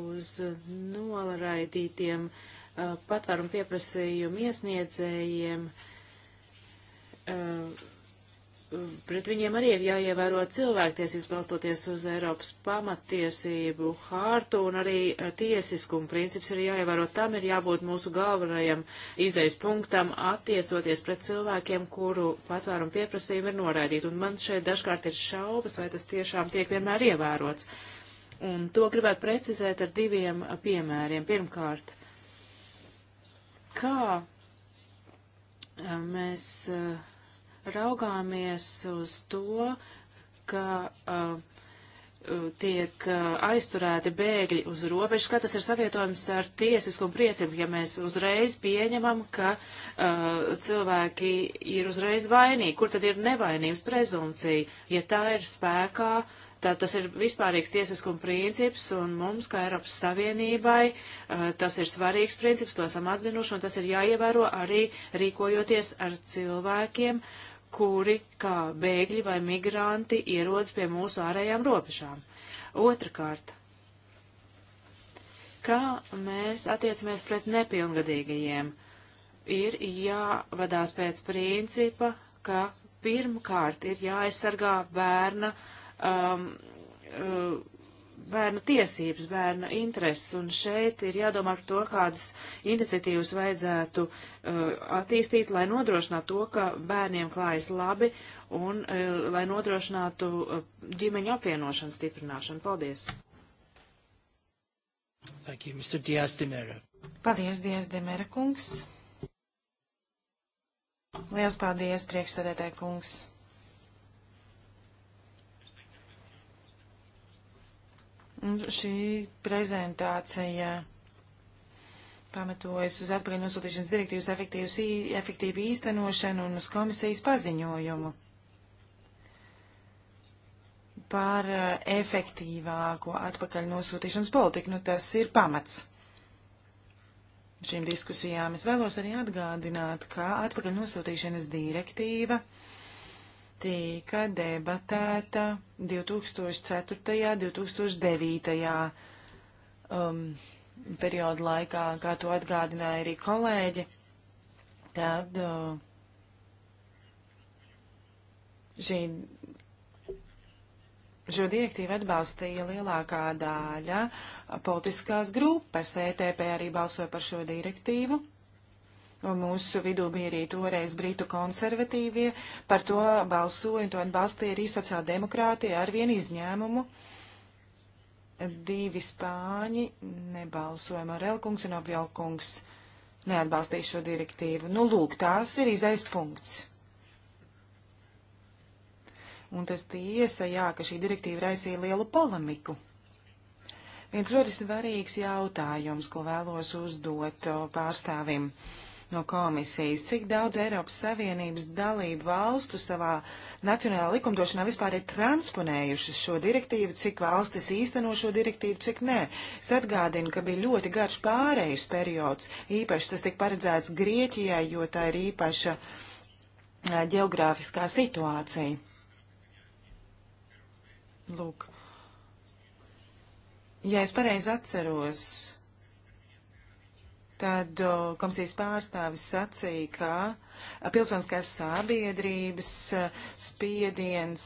uz nolaidītiem uh, patvērumu pieprasījumu iesniedzējiem. Uh, pret viņiem arī ir jāievēro cilvēktiesības balstoties uz Eiropas pamattiesību hārtu un arī eh, tiesiskuma princips ir jāievēro. Tam ir jābūt mūsu galvenajam izejas punktam attiecoties pret cilvēkiem, kuru patvērumu pieprasījumi ir noraidīti. Un man šeit dažkārt ir šaubas, vai tas tiešām tiek vienmēr ievērots. Un to gribētu precizēt ar diviem eh, piemēriem. Pirmkārt, kā eh, mēs. Uh, raugāmies uz to, ka uh, uh tiek uh, aizturēti bēgļi uz robežas, kā tas ir savietojams ar tiesisku priecību, ja mēs uzreiz pieņemam, ka uh, cilvēki ir uzreiz vainīgi, kur tad ir nevainības prezumcija, ja tā ir spēkā, tad tas ir vispārīgs tiesiskuma princips, un mums, kā Eiropas Savienībai, uh, tas ir svarīgs princips, to esam atzinuši, un tas ir jāievēro arī rīkojoties ar cilvēkiem, uh, kuri kā bēgļi vai migranti ierodas pie mūsu ārējām robežām. Otrakārt, kā mēs attiecamies pret nepilngadīgajiem, ir jāvadās pēc principa, ka pirmkārt ir jāaizsargā bērna um, uh, bērnu tiesības, bērnu intereses, un šeit ir jādomā par to, kādas iniciatīvas vajadzētu uh, attīstīt, lai nodrošinātu to, ka bērniem klājas labi, un uh, lai nodrošinātu uh, ģimeņu apvienošanu stiprināšanu. Paldies! Thank you, Mr. Diaz de Mera. Paldies, Diaz de Mera kungs! Liels paldies, priekšsēdētāji kungs! Šī prezentācija pamatojas uz atpakaļ nosūtīšanas direktīvas efektīvu īstenošanu un uz komisijas paziņojumu par e, efektīvāko atpakaļ nosūtīšanas politiku. Nu, tas ir pamats šīm diskusijām. Es vēlos arī atgādināt, ka atpakaļ nosūtīšanas direktīva – tika debatēta 2004. un 2009. Um, periodu laikā, kā to atgādināja arī kolēģi. Tad uh, šī, šo direktīvu atbalstīja lielākā daļa politiskās grupas. ETP arī balsoja par šo direktīvu. Mūsu vidū bija arī toreiz britu konservatīvie, par to balsoja un to atbalstīja arī sociāldemokrātie ar vienu izņēmumu. Divi spāņi nebalsoja Marelkungs un Apjalkungs neatbalstīja šo direktīvu. Nu, lūk, tās ir izais punkts. Un tas tiesa, jā, ka šī direktīva raisīja lielu polemiku. Viens ļoti svarīgs jautājums, ko vēlos uzdot pārstāvim. Uh, no komisijas, cik daudz Eiropas Savienības dalību valstu savā nacionālā likumdošanā vispār ir transponējušas šo direktīvu, cik valstis īsteno šo direktīvu, cik nē. Es atgādinu, ka bija ļoti garš pārējais periods, īpaši tas tika paredzēts Grieķijai, jo tā ir īpaša ģeogrāfiskā situācija. Lūk. Ja es pareizi atceros, Tad komisijas pārstāvis sacīja, ka pilsoniskās sabiedrības spiediens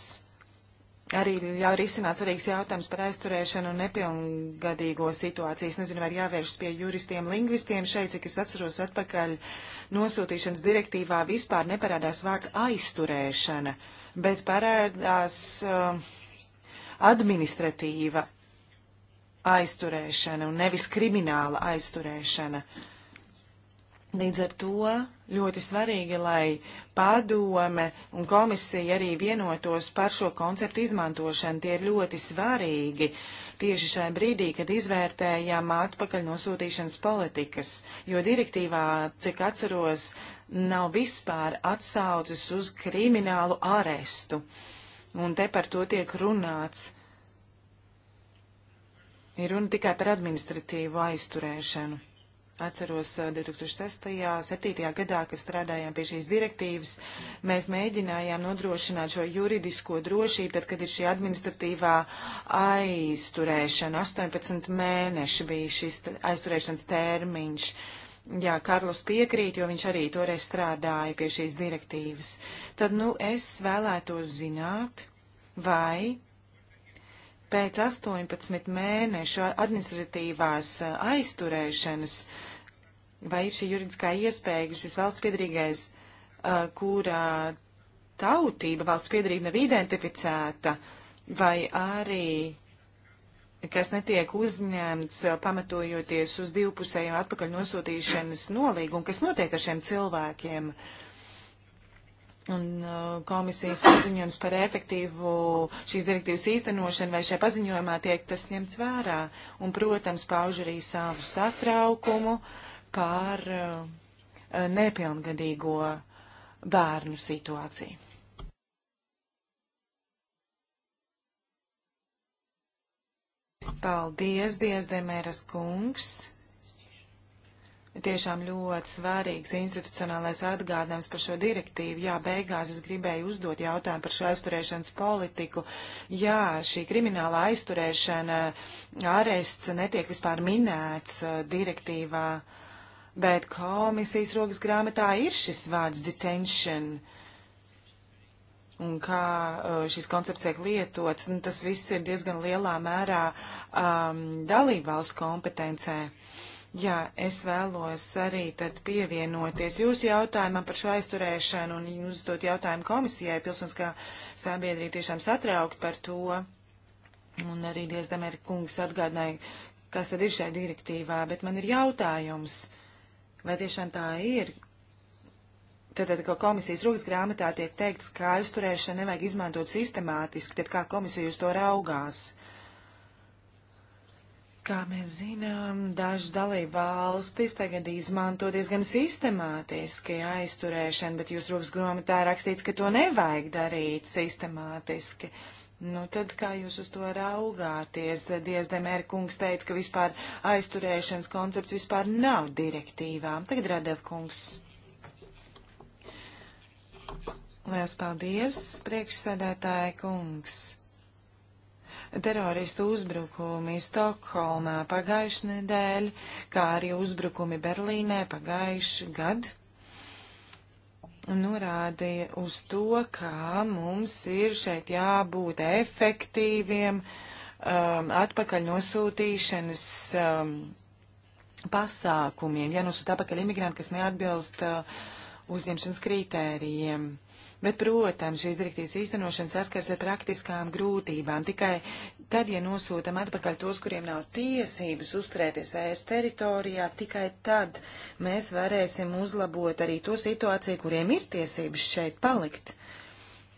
arī ļauj risināt svarīgs jautājums par aizturēšanu un nepilngadīgo situāciju. Es nezinu, vai jāvēršas pie juristiem, lingvistiem šeit, cik es atceros atpakaļ nosūtīšanas direktīvā vispār neparādās vārds aizturēšana, bet parādās uh, administratīva aizturēšana un nevis krimināla aizturēšana. Līdz ar to ļoti svarīgi, lai padome un komisija arī vienotos par šo konceptu izmantošanu. Tie ir ļoti svarīgi tieši šai brīdī, kad izvērtējam atpakaļ nosūtīšanas politikas, jo direktīvā, cik atceros, nav vispār atsaucis uz kriminālu arestu. Un te par to tiek runāts. Ir runa tikai par administratīvu aizturēšanu. Atceros 2006. 7. gadā, kad strādājām pie šīs direktīvas, mēs mēģinājām nodrošināt šo juridisko drošību, tad, kad ir šī administratīvā aizturēšana. 18 mēneši bija šis aizturēšanas termiņš. Jā, Karlos piekrīt, jo viņš arī toreiz strādāja pie šīs direktīvas. Tad, nu, es vēlētos zināt, vai pēc 18 mēnešu administratīvās eh, aizturēšanas, vai ir šī juridiskā iespēja, ka šis valsts piedrīgais, eh, kura tautība valsts piedrība nav identificēta, vai arī kas netiek uzņemts eh, pamatojoties uz divpusējiem atpakaļ nosūtīšanas nolīgumu, kas notiek ar šiem cilvēkiem. Uh, Un uh, komisijas paziņojums par efektīvu šīs direktīvas īstenošanu vai šajā paziņojumā tiek tas ņemts vērā. Un, protams, pauž arī savu satraukumu par uh, nepilngadīgo bērnu situāciju. Paldies, Dievs, Demēras kungs! tiešām ļoti svarīgs institucionālais atgādinājums par šo direktīvu. Jā, beigās es gribēju uzdot jautājumu par šo aizturēšanas politiku. Jā, šī krimināla aizturēšana, arests netiek vispār minēts uh, direktīvā, bet komisijas rokas grāmatā ir šis vārds detention. Un kā uh, šis koncepts tiek lietots, nu, tas viss ir diezgan lielā mērā um, dalībvalstu kompetencē. Uh, Jā, es vēlos arī tad pievienoties jūsu jautājumam par šo aizturēšanu un uzdot jautājumu komisijai. Pilsoniskā sabiedrība tiešām satraukt par to. Un arī Diezdamēra kungs atgādināja, kas tad ir šai direktīvā, bet man ir jautājums, vai tiešām tā ir, Tātad, ko komisijas rūgas grāmatā tiek teikts, ka aizturēšana nevajag izmantot sistemātiski, tad kā komisija uz to raugās? Kā mēs zinām, dažas dalība valstis tagad izmanto diezgan sistemātiski aizturēšanu, bet jūs rūpas gromitā rakstīts, ka to nevajag darīt sistemātiski. Nu, tad kā jūs uz to raugāties? Diezdemēra kungs teica, ka vispār aizturēšanas koncepts vispār nav direktīvām. Tagad Radev kungs. Lielas paldies, priekšsēdētāja kungs teroristu uzbrukumi Stokholmā pagājuši nedēļ, kā arī uzbrukumi Berlīnē pagājuši gadu norādīja uz to, ka mums ir šeit jābūt efektīviem um, atpakaļ nosūtīšanas um, pasākumiem, jānosūta atpakaļ imigranti, kas neatbilst uh, uzņemšanas kritērijiem. Bet, protams, šīs direktīvas īstenošana saskars ar praktiskām grūtībām. Tikai tad, ja nosūtam atpakaļ tos, kuriem nav tiesības uzturēties ES teritorijā, tikai tad mēs varēsim uzlabot arī to situāciju, kuriem ir tiesības šeit palikt.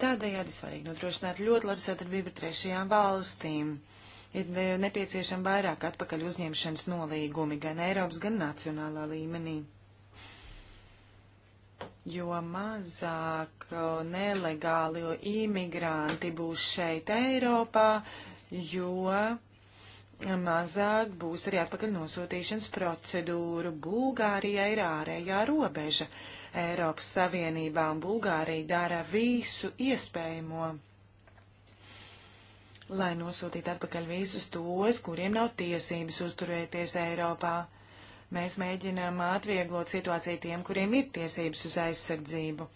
Tādējādi svarīgi nodrošināt ļoti labu sadarbību ar trešajām valstīm. Ir nepieciešama vairāk atpakaļ uzņemšanas nolīgumi gan Eiropas, gan nacionālā līmenī jo mazāk nelegāli imigranti būs šeit Eiropā, jo mazāk būs arī atpakaļ nosūtīšanas procedūru. Bulgārija ir ārējā robeža. Eiropas Savienībā un Bulgārija dara visu iespējamo, lai nosūtītu atpakaļ visus tos, kuriem nav tiesības uzturēties Eiropā. Mēs mēģinām atvieglot situāciju tiem, kuriem ir tiesības uz aizsardzību,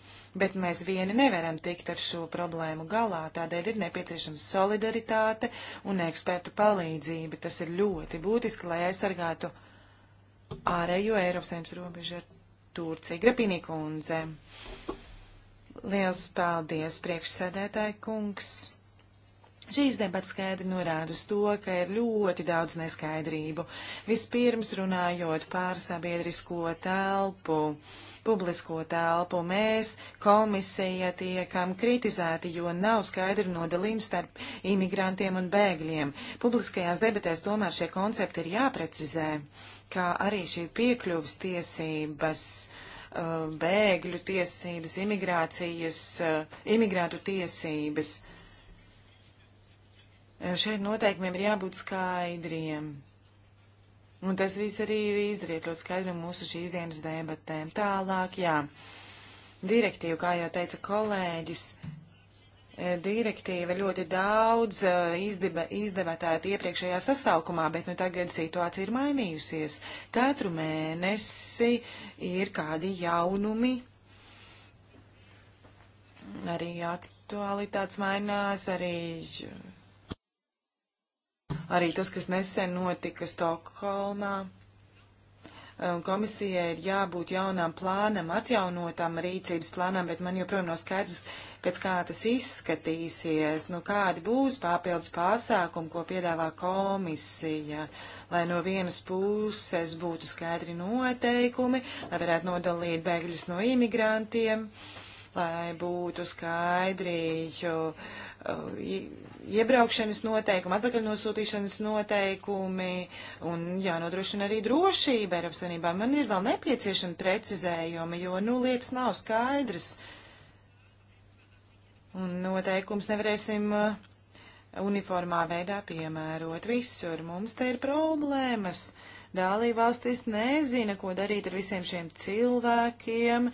bet mēs vieni nevaram tikt ar šo problēmu galā, tādēļ ir nepieciešama solidaritāte un ekspertu palīdzība. Tas ir ļoti būtiski, lai aizsargātu ārējo Eiropas saimnes robežu ar Turciju. Grapinī kundze. Liels paldies, priekšsēdētāji kungs. Šīs debats skaidri norāda uz to, ka ir ļoti daudz neskaidrību. Vispirms runājot pār sabiedrisko telpu, publisko telpu, mēs komisija tiekam kritizēti, jo nav skaidri nodalījums starp imigrantiem un bēgļiem. Publiskajās debatēs tomēr šie koncepti ir jāprecizē, kā arī šī piekļuvas tiesības uh, bēgļu tiesības, imigrācijas, uh, imigrātu tiesības. Šeit noteikumiem ir jābūt skaidriem. Un tas viss arī ir izriet ļoti skaidri mūsu šīs dienas debatēm. Tālāk, jā, direktīva, kā jau teica kolēģis, e, direktīva ļoti daudz e, izdeba, izdevētāja iepriekšējā sasaukumā, bet nu tagad situācija ir mainījusies. Katru mēnesi ir kādi jaunumi, arī aktualitātes mainās, arī Arī tas, kas nesen notika Stokholmā, um, komisijai ir jābūt jaunam plānam, atjaunotam rīcības plānam, bet man joprojām nav no skaidrs, pēc kā tas izskatīsies, nu kādi būs papildus pasākumi, ko piedāvā komisija, lai no vienas puses būtu skaidri noteikumi, lai varētu nodalīt bēgļus no imigrantiem, lai būtu skaidri. Jo, uh, Uh, iebraukšanas noteikumi, atpakaļnosūtīšanas noteikumi un jānodrošina arī drošība Eiropas Savienībā. Man ir vēl nepieciešami precizējumi, jo, nu, lietas nav skaidrs. Un noteikums nevarēsim uh, uniformā veidā piemērot visur. Mums te ir problēmas dalībvalstis nezina, ko darīt ar visiem šiem cilvēkiem.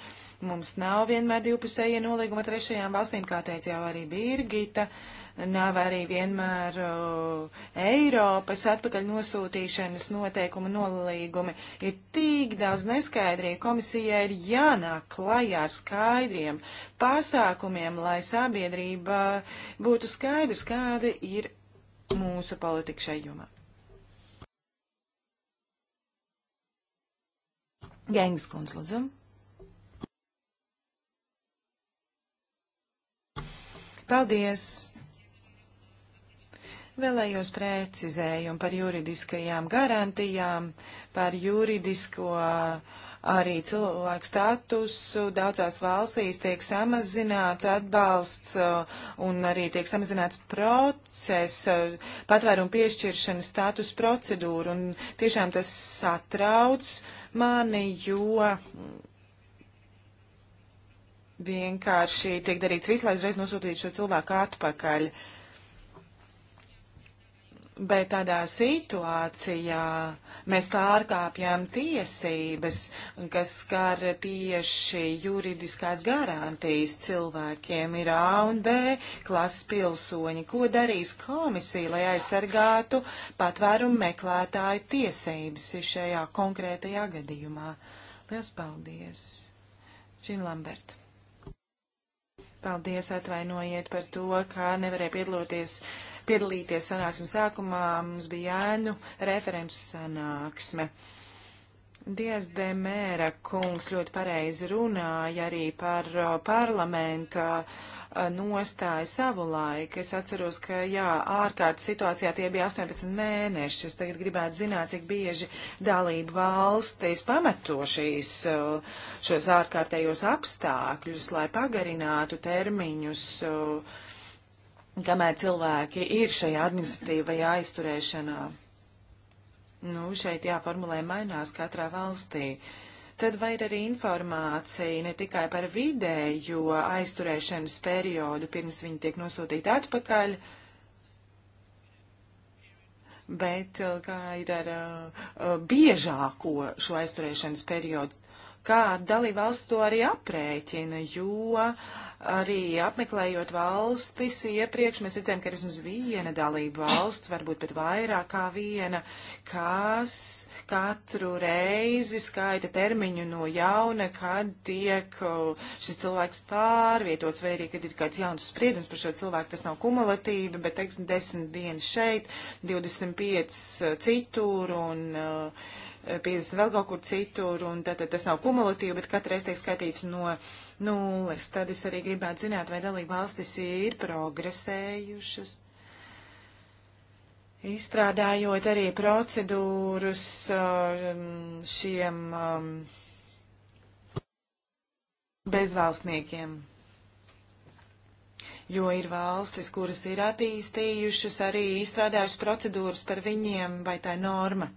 Mums nav vienmēr divpusējie nolīguma trešajām valstīm, kā teica jau arī Birgita. Nav arī vienmēr uh, Eiropas atpakaļ nosūtīšanas noteikuma nolīgumi. Ir tik daudz neskaidrību. Komisija ir jānāk klajā ar skaidriem pasākumiem, lai sabiedrība būtu skaidrs, kāda ir mūsu politika šajumā. Gēngas kundz, lūdzu. Paldies! Vēlējos precizējumu par juridiskajām garantijām, par juridisko arī cilvēku statusu. Daudzās valstīs tiek samazināts atbalsts uh, un arī tiek samazināts process, uh, patvērumu piešķiršanas status procedūru. Un tiešām tas satrauc. Uh, mani, jo vienkārši tiek darīts viss, lai uzreiz nosūtītu šo cilvēku atpakaļ. Uh, Bet tādā situācijā mēs pārkāpjam tiesības, kas skar tieši juridiskās garantijas cilvēkiem ir A un B klases pilsoņi. Ko darīs komisija, lai aizsargātu patvērumu meklētāju tiesības šajā konkrētajā gadījumā? Lielas paldies! Čina Lambert. Paldies, atvainojiet par to, kā nevarēja piedaloties piedalīties sanāksmes sākumā. Mums bija ēnu referents sanāksme. Dievs Demēra kungs ļoti pareizi runāja arī par uh, parlamenta uh, nostāju savu laiku. Es atceros, ka jā, ārkārtas situācijā tie bija 18 mēneši. Es tagad gribētu zināt, cik bieži dalību valstis pameto šīs, uh, šos ārkārtējos apstākļus, lai pagarinātu termiņus. Uh, kamēr cilvēki ir šajā administratīvajā aizturēšanā. Nu, šeit jāformulē mainās katrā valstī. Tad vai ir arī informācija ne tikai par vidējo aizturēšanas periodu, pirms viņi tiek nosūtīti atpakaļ, bet uh, kā ir ar uh, biežāko šo aizturēšanas periodu kā dalībvalsts to arī aprēķina, jo arī apmeklējot valstis iepriekš, mēs redzējām, ka ir vismaz viena dalība valsts, varbūt pat vairāk kā viena, kas katru reizi skaita termiņu no jauna, kad tiek šis cilvēks pārvietots, vai arī, kad ir kāds jauns spriedums par šo cilvēku, tas nav kumulatība, bet, teiksim, 10 dienas šeit, 25 citur un uh, 50 vēl kaut kur citur, un tad, tad tas nav kumulatīvi, bet katru reizi tiek skaitīts no nulles. Tad es arī gribētu zināt, vai dalība valstis ir progresējušas, izstrādājot arī procedūras um, šiem um, bezvalstniekiem jo ir valstis, kuras ir attīstījušas, arī izstrādājušas procedūras par viņiem, vai tā ir norma.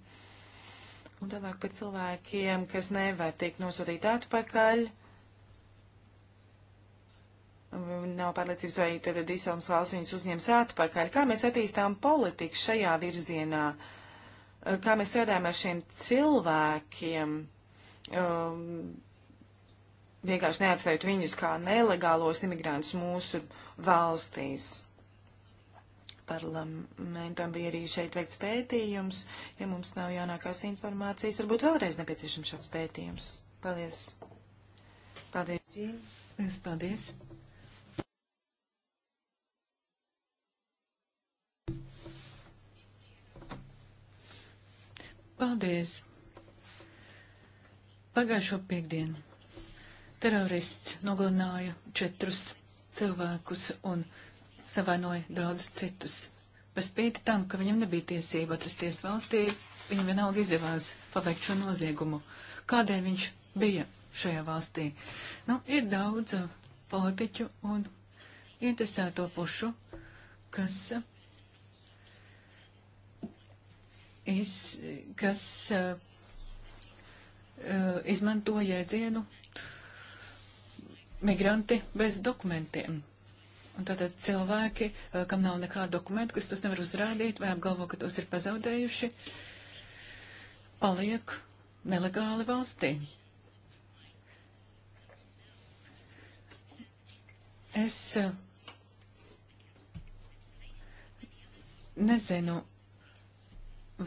Un tālāk par cilvēkiem, kas nevar tikt nosūtīti atpakaļ. Nav pārliecības, vai tad Islams valsts viņus uzņems atpakaļ. Kā mēs attīstām politiku šajā virzienā? Kā mēs strādājam ar šiem cilvēkiem? Um, vienkārši neatstājot viņus kā nelegālos imigrantus mūsu valstīs parlamentam bija arī šeit veikts pētījums. Ja mums nav jaunākās informācijas, varbūt vēlreiz nepieciešams šāds pētījums. Paldies. Paldies, Džīna. Paldies. paldies. Paldies. Pagājušo piekdienu terorists nogalināja četrus cilvēkus un cilvēkus savainoja daudz citus. Par spīti tam, ka viņam nebija tiesība atrasties valstī, viņam vienalga izdevās paveikt šo noziegumu. Kādēļ viņš bija šajā valstī? Nu, ir daudz politiķu un interesēto pušu, kas, iz, kas uh, eh, izmanto jēdzienu migranti bez dokumentiem. Un tātad cilvēki, eh, kam nav nekādu dokumentu, kas tos nevar uzrādīt vai apgalvo, ka tos ir pazaudējuši, paliek nelegāli valstī. Es eh, nezinu,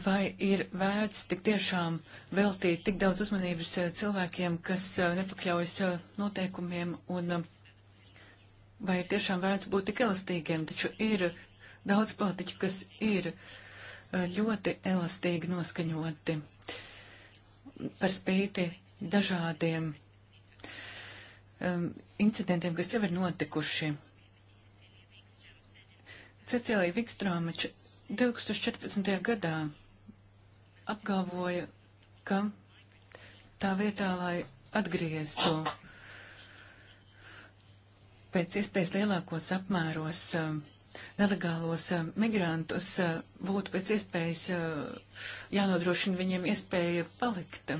vai ir vērts tik tiešām veltīt tik daudz uzmanības eh, cilvēkiem, kas nepakļaujas noteikumiem un vai ir tiešām vērts būt tik elastīgiem, taču ir daudz politiķu, kas ir eh, ļoti elastīgi noskaņoti par spīti dažādiem um, incidentiem, kas jau ir notikuši. Cecilija Vikstrāma 2014. gadā apgalvoja, ka tā vietā, lai atgrieztu pēc iespējas lielākos apmēros um, nelegālos um, migrantus uh, būtu pēc iespējas uh, jānodrošina viņiem iespēja palikt.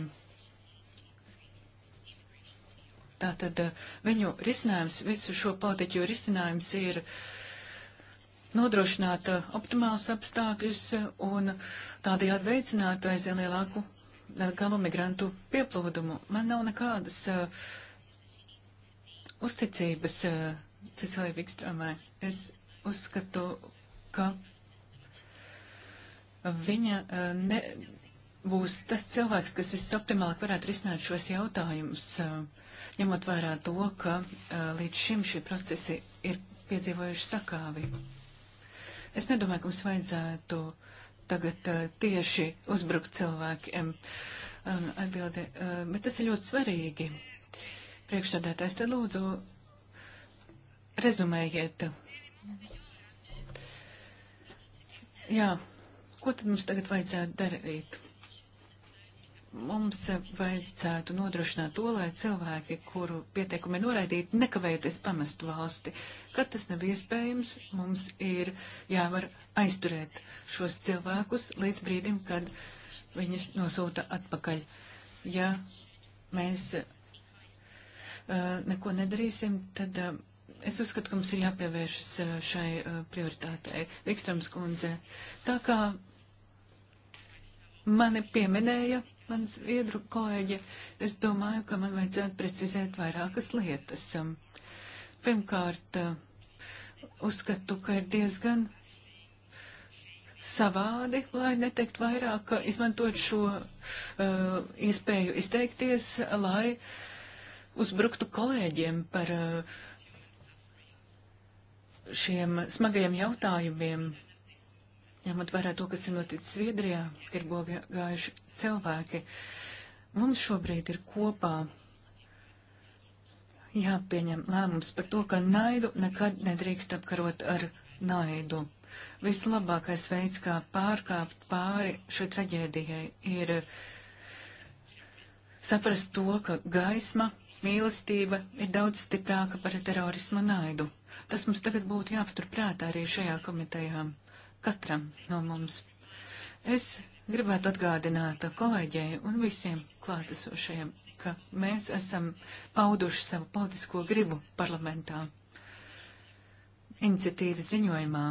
Tātad uh, viņu risinājums, visu šo politiķu risinājums ir nodrošināt optimālus apstākļus un tādējādi veicināt aizvien lielāku nelegālo migrantu pieplūdumu. Man nav nekādas uh, uzticības eh, Cecilija Vikstromai. Es uzskatu, ka viņa eh, ne, būs tas cilvēks, kas visoptimālāk varētu risināt šos jautājumus, eh, ņemot vērā to, ka līdz šim šie procesi ir piedzīvojuši sakāvi. Es nedomāju, ka mums vajadzētu tagad tieši uzbrukt cilvēkiem atbildē, bet tas ir ļoti svarīgi Priekšsēdētājs te lūdzu rezumējiet. Jā, ko tad mums tagad vajadzētu darīt? Mums vajadzētu nodrošināt to, lai cilvēki, kuru pieteikumi noraidīt, nekavējoties pamestu valsti. Kad tas nav iespējams, mums ir jāvar aizturēt šos cilvēkus līdz brīdim, kad viņus nosūta atpakaļ. Ja mēs Eh, neko nedarīsim, tad eh, es uzskatu, ka mums ir jāpievēršas eh, šai prioritātei. Vikstrams kundze, tā kā mani pieminēja mans viedru kolēģi, es domāju, ka man vajadzētu precizēt vairākas lietas. Pirmkārt, uzskatu, ka ir diezgan savādi, lai neteikt vairāk, izmantot šo uh, iespēju izteikties, lai uh, uzbruktu kolēģiem par eh, šiem smagajiem jautājumiem, ņemot vērā to, kas ir noticis Zviedrijā, ir gājuši cilvēki. Mums šobrīd ir kopā jāpieņem lēmums par to, ka naidu nekad nedrīkst apkarot ar naidu. Vislabākais veids, kā pārkāpt pāri šai traģēdijai, ir saprast to, ka gaisma mīlestība ir daudz stiprāka par terorismu un naidu. Tas mums tagad būtu jāpaturprātā arī šajā komitejā, katram no mums. Es gribētu atgādināt kolēģei un visiem klātesošajiem, ka mēs esam pauduši savu politisko gribu parlamentā. Iniciatīvas ziņojumā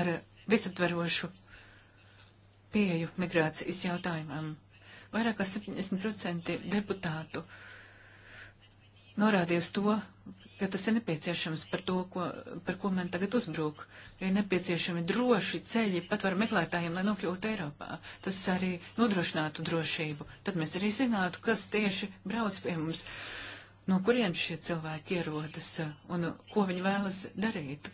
ar visaptverošu pieju migrācijas jautājumam. Vairāk kā 70% deputātu norādīja uz to, ka tas ir nepieciešams par to, ko, par ko man tagad uzbrūk. Ir nepieciešami droši ceļi patvaru meklētājiem, lai nokļūtu Eiropā. Tas arī nodrošinātu drošību. Tad mēs arī zinātu, kas tieši brauc pie mums, no kuriem šie cilvēki ierodas eh, un eh, ko viņi vēlas darīt.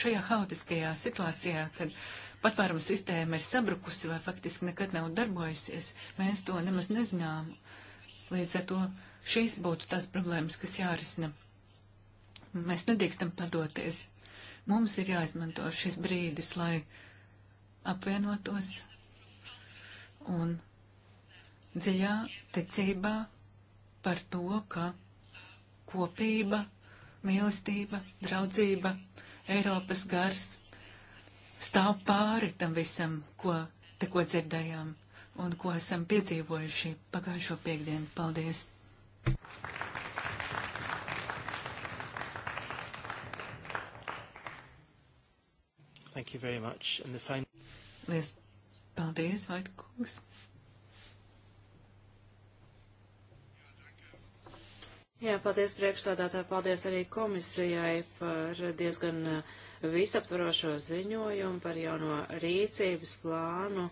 Šajā haotiskajā situācijā, kad patvērums sistēma ir sabrukusi vai faktiski nekad nav darbojusies. Mēs to nemaz nezinām. Līdz ar to šīs būtu tās problēmas, kas jārisina. Mēs nedrīkstam padoties. Mums ir jāizmanto šis brīdis, lai apvienotos un dziļā ticībā par to, ka kopība, mīlestība, draudzība, Eiropas gars stāv pāri tam visam, ko tikko dzirdējām un ko esam piedzīvojuši pagājušo piekdienu. Paldies! Thank you very much. And the final... Lies, paldies, Vaitkungs. Jā, paldies priekšsādātāji, paldies arī komisijai par diezgan uh, visaptvarošo ziņojumu par jauno rīcības plānu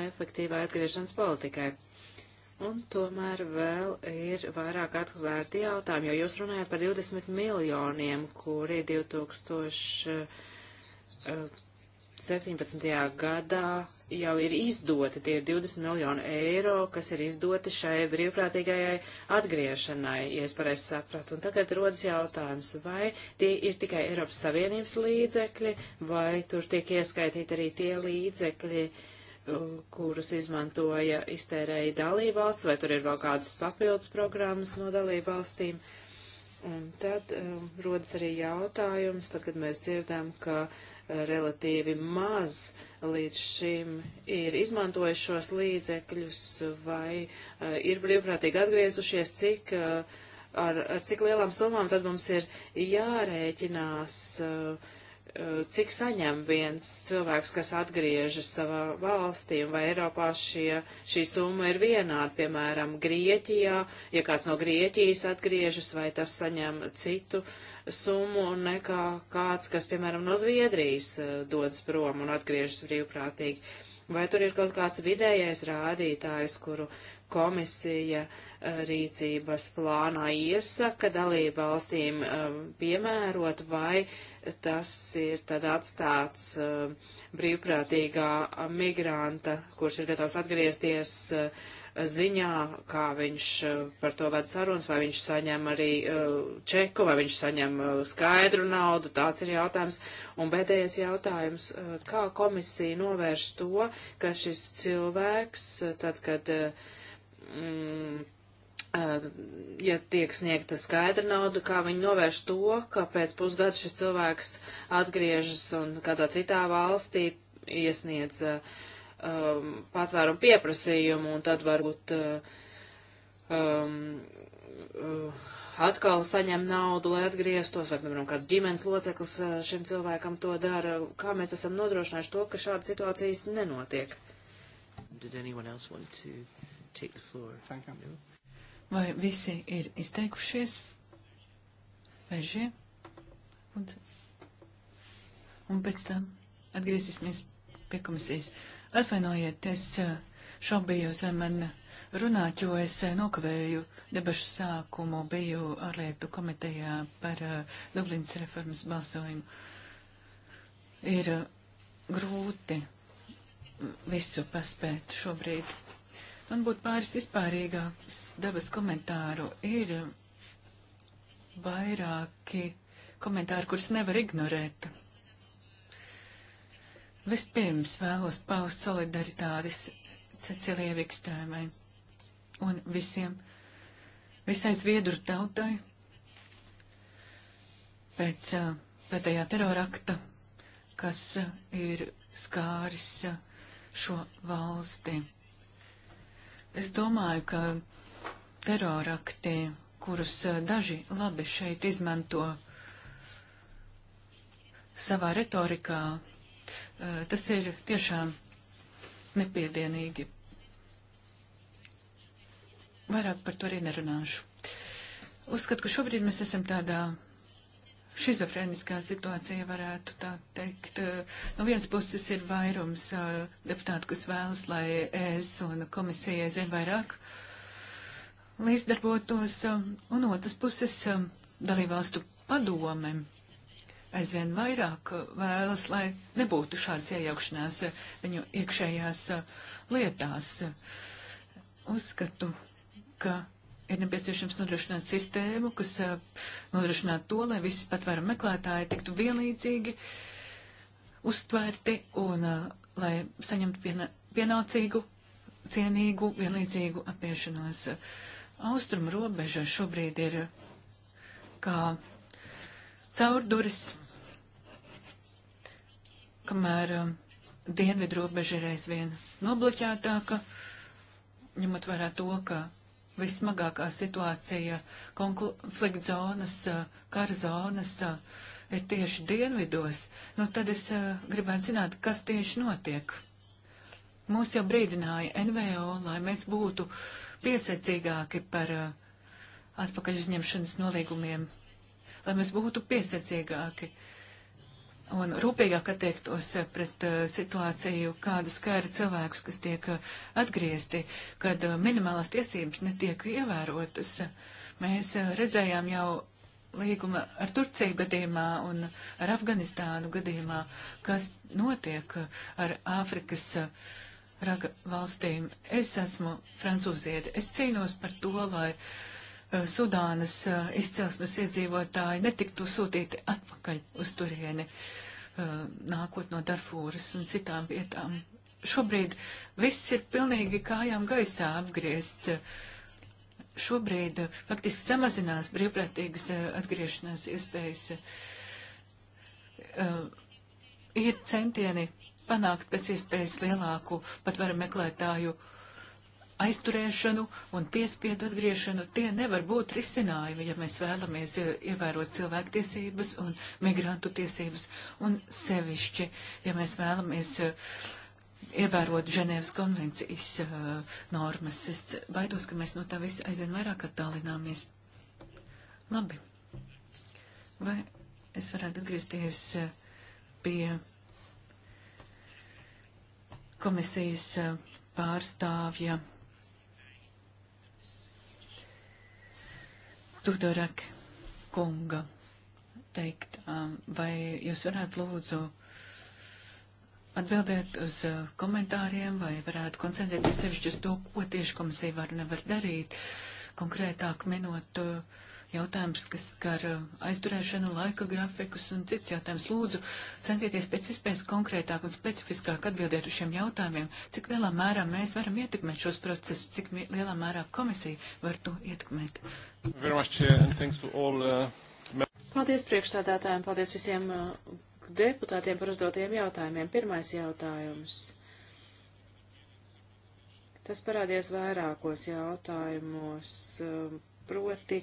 efektīvai atgriešanas politikai. Un tomēr vēl ir vairāk atvērti jautājumi, jo jūs runājat par 20 miljoniem, kuri 2000. Uh, eh, 17. gadā jau ir izdoti tie 20 miljoni eiro, kas ir izdoti šai brīvprātīgajai atgriešanai, ja es pareizi sapratu. Un tagad rodas jautājums, vai tie ir tikai Eiropas Savienības līdzekļi, vai tur tiek ieskaitīti arī tie līdzekļi, kurus izmantoja, iztērēja dalībvalsts, vai tur ir vēl kādas papildus programmas no dalībvalstīm. Un tad um, rodas arī jautājums, tad, kad mēs dzirdam, ka uh, relatīvi maz līdz šim ir izmantojuši šos līdzekļus vai eh, ir brīvprātīgi atgriezušies, cik, eh, ar, ar cik lielām summām tad mums ir jārēķinās uh, Eh, cik saņem viens cilvēks, kas atgriežas savā valstī, un vai Eiropā šie, šī summa ir vienāda, piemēram, Grieķijā, ja kāds no Grieķijas atgriežas, vai tas saņem citu summu nekā kāds, kas, piemēram, no Zviedrijas eh, dodas prom un atgriežas brīvprātīgi. Vai tur ir kaut kāds vidējais rādītājs, kuru komisija eh, rīcības plānā iesaka dalību valstīm eh, piemērot, vai tas ir tad atstāts eh, brīvprātīgā migranta, kurš ir gatavs atgriezties ziņā, kā viņš par to ved sarunas, vai viņš saņem arī čeku, vai viņš saņem skaidru naudu, tāds ir jautājums. Un pēdējais jautājums, kā komisija novērš to, ka šis cilvēks, tad, kad uh, mm, eh, ja tiek sniegta skaidra nauda, kā viņi novērš to, ka pēc pusgada šis cilvēks atgriežas un kādā citā valstī iesniedz eh, um, patvērumu pieprasījumu, un tad varbūt eh, um, atkal saņem naudu, lai atgrieztos, vai, piemēram, kāds ģimenes loceklis šim cilvēkam to dara. Kā mēs esam nodrošinājuši to, ka šāda situācijas nenotiek? Did anyone else want to take the floor? No? Vai visi ir izteikušies? Vežie. Un, un pēc tam atgriezīsimies pie komisijas. Atvainojiet, es eh, šaubījos, vai man runāt, jo es eh, nokavēju debašu sākumu, biju ārlietu komitejā par uh, eh, Dublinas reformas balsojumu. Ir uh, grūti visu paspēt šobrīd. Man būtu pāris vispārīgāks dabas komentāru. Ir vairāki komentāri, kurus nevar ignorēt. Vispirms vēlos paust solidaritātes Cecilijai Vikstrēmai un visiem, visai Zviedru tautai pēc eh, pēdējā terorakta, kas eh, ir skāris eh, šo valsti. Es domāju, ka terorakti, kurus eh, daži labi šeit izmanto savā retorikā, eh, tas ir tiešām nepiedienīgi. Vairāk par to arī nerunāšu. Uzskatu, ka šobrīd mēs esam tādā šizofrēniskā situācija varētu tā teikt. No nu, vienas puses ir vairums deputātu, kas vēlas, lai es un komisija aizvien vairāk līdzdarbotos, un otras puses dalībvalstu padome aizvien vairāk vēlas, lai nebūtu šāds iejaukšanās viņu iekšējās lietās. Uzskatu, ka ir nepieciešams nodrošināt sistēmu, kas nodrošinātu to, lai visi patvērumu meklētāji tiktu vienlīdzīgi uztvērti un lai saņemtu pienācīgu, cienīgu, vienlīdzīgu apiešanos. Austrumu robeža šobrīd ir kā caurduris, kamēr dienvidu robeža ir aizvien nobloķētāka, ņemot vērā to, ka vismagākā situācija konflikt zonas, kara zonas ir tieši dienvidos, nu tad es gribētu zināt, kas tieši notiek. Mūs jau brīdināja NVO, lai mēs būtu piesacīgāki par atpakaļ uzņemšanas nolīgumiem, lai mēs būtu piesacīgāki un rūpīgāk attiektos eh, pret uh, situāciju, kāda skara cilvēkus, kas tiek uh, atgriezti, kad uh, minimālās tiesības netiek ievērotas. Mēs redzējām jau līguma ar Turciju gadījumā un ar Afganistānu gadījumā, kas notiek ar Āfrikas raga valstīm. Es esmu francūzieti, es cīnos par to, lai uh, Eh, Sudānas eh, izcelsmes iedzīvotāji netiktu sūtīti atpakaļ uz turieni, eh, nākot no Darfūras un citām vietām. Šobrīd viss ir pilnīgi kājām gaisā apgriezts. Šobrīd faktiski samazinās brīvprātīgas atgriešanās iespējas. Ir centieni panākt pēc iespējas lielāku patvaru meklētāju uh, aizturēšanu un piespiedu atgriešanu, tie nevar būt risinājumi, ja mēs vēlamies ievērot cilvēktiesības un migrantu tiesības, un sevišķi, ja mēs vēlamies uh, ievērot Ženēvas konvencijas uh, normas. Es baidos, ka mēs no tā visa aizvien vairāk attālināmies. Labi. Vai es varētu atgriezties uh, pie komisijas uh, pārstāvja Tudorak kunga teikt, um, vai jūs varētu lūdzu atbildēt uz uh, komentāriem, vai varētu koncentrēties sevišķi uz to, ko tieši komisija var nevar darīt, konkrētāk minot uh, jautājums, kas skar uh, aizturēšanu, laika grafikus un cits jautājums. Lūdzu, centieties pēc iespējas konkrētāk un specifiskāk atbildēt uz šiem jautājumiem, cik lielā mērā mēs varam ietekmēt šos procesus, cik lielā mērā komisija var to ietekmēt. Uh, paldies priekšsādātājiem, paldies visiem uh, deputātiem par uzdotajiem jautājumiem. Pirmais jautājums. Tas parādījās vairākos jautājumos, proti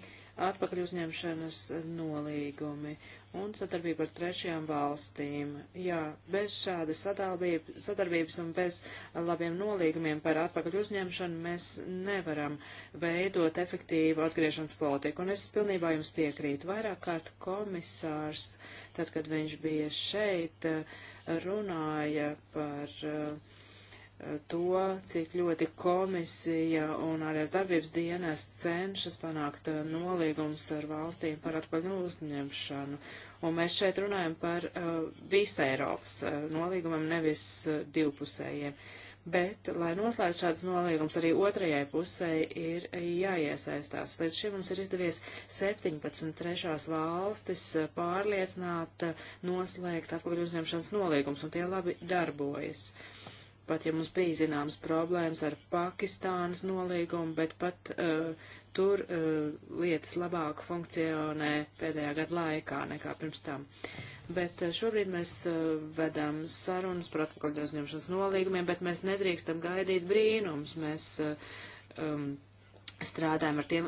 atpakaļ uzņemšanas nolīgumi un sadarbība ar trešajām valstīm. Jā, bez šādas sadarbības un bez labiem nolīgumiem par atpakaļ uzņemšanu mēs nevaram veidot efektīvu atgriešanas politiku. Un es pilnībā jums piekrītu. Vairāk kārt komisārs, tad, kad viņš bija šeit, runāja par uh, to, cik ļoti komisija un ārējās darbības dienas cenšas panākt uh, nolīgums ar valstīm par atpakaļ uzņemšanu. Un mēs šeit runājam par uh, visu Eiropas uh, nolīgumam, nevis uh, divpusējiem. Bet, lai noslēgtu šāds nolīgums, arī otrajai pusē ir jāiesaistās. Līdz šim mums ir izdevies 17 trešās valstis uh, pārliecināt, uh, noslēgt atpakaļ uzņemšanas nolīgums, un tie labi darbojas. Uh, pat ja mums bija zināmas problēmas ar Pakistānas nolīgumu, bet pat uh, tur uh, lietas labāk funkcionē pēdējā gada laikā nekā pirms tam. Bet uh, šobrīd mēs uh, vedam sarunas protokoļu uzņemšanas nolīgumiem, bet mēs nedrīkstam gaidīt brīnums. Mēs uh, um, strādājam ar tiem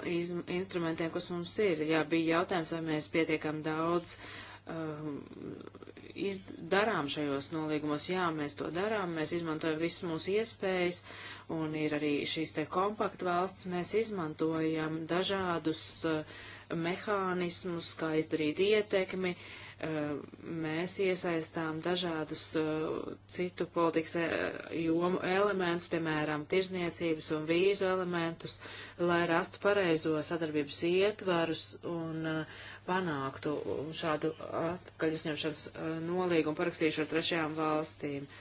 instrumentiem, kas mums ir. Jā, bija jautājums, vai mēs pietiekam daudz uh, Um, darām šajos nolīgumos. Jā, mēs to darām, mēs izmantojam visas mūsu iespējas, un ir arī šīs te kompaktu valsts, mēs izmantojam dažādus uh, mehānismus, kā izdarīt ietekmi, uh, Eh, mēs iesaistām dažādus eh, citu politikas eh, jomu elementus, piemēram, tirzniecības un vīzu elementus, lai rastu pareizo sadarbības ietvarus un panāktu šādu atkaļuzņemšanas nolīgumu parakstīšanu ar trešajām valstīm.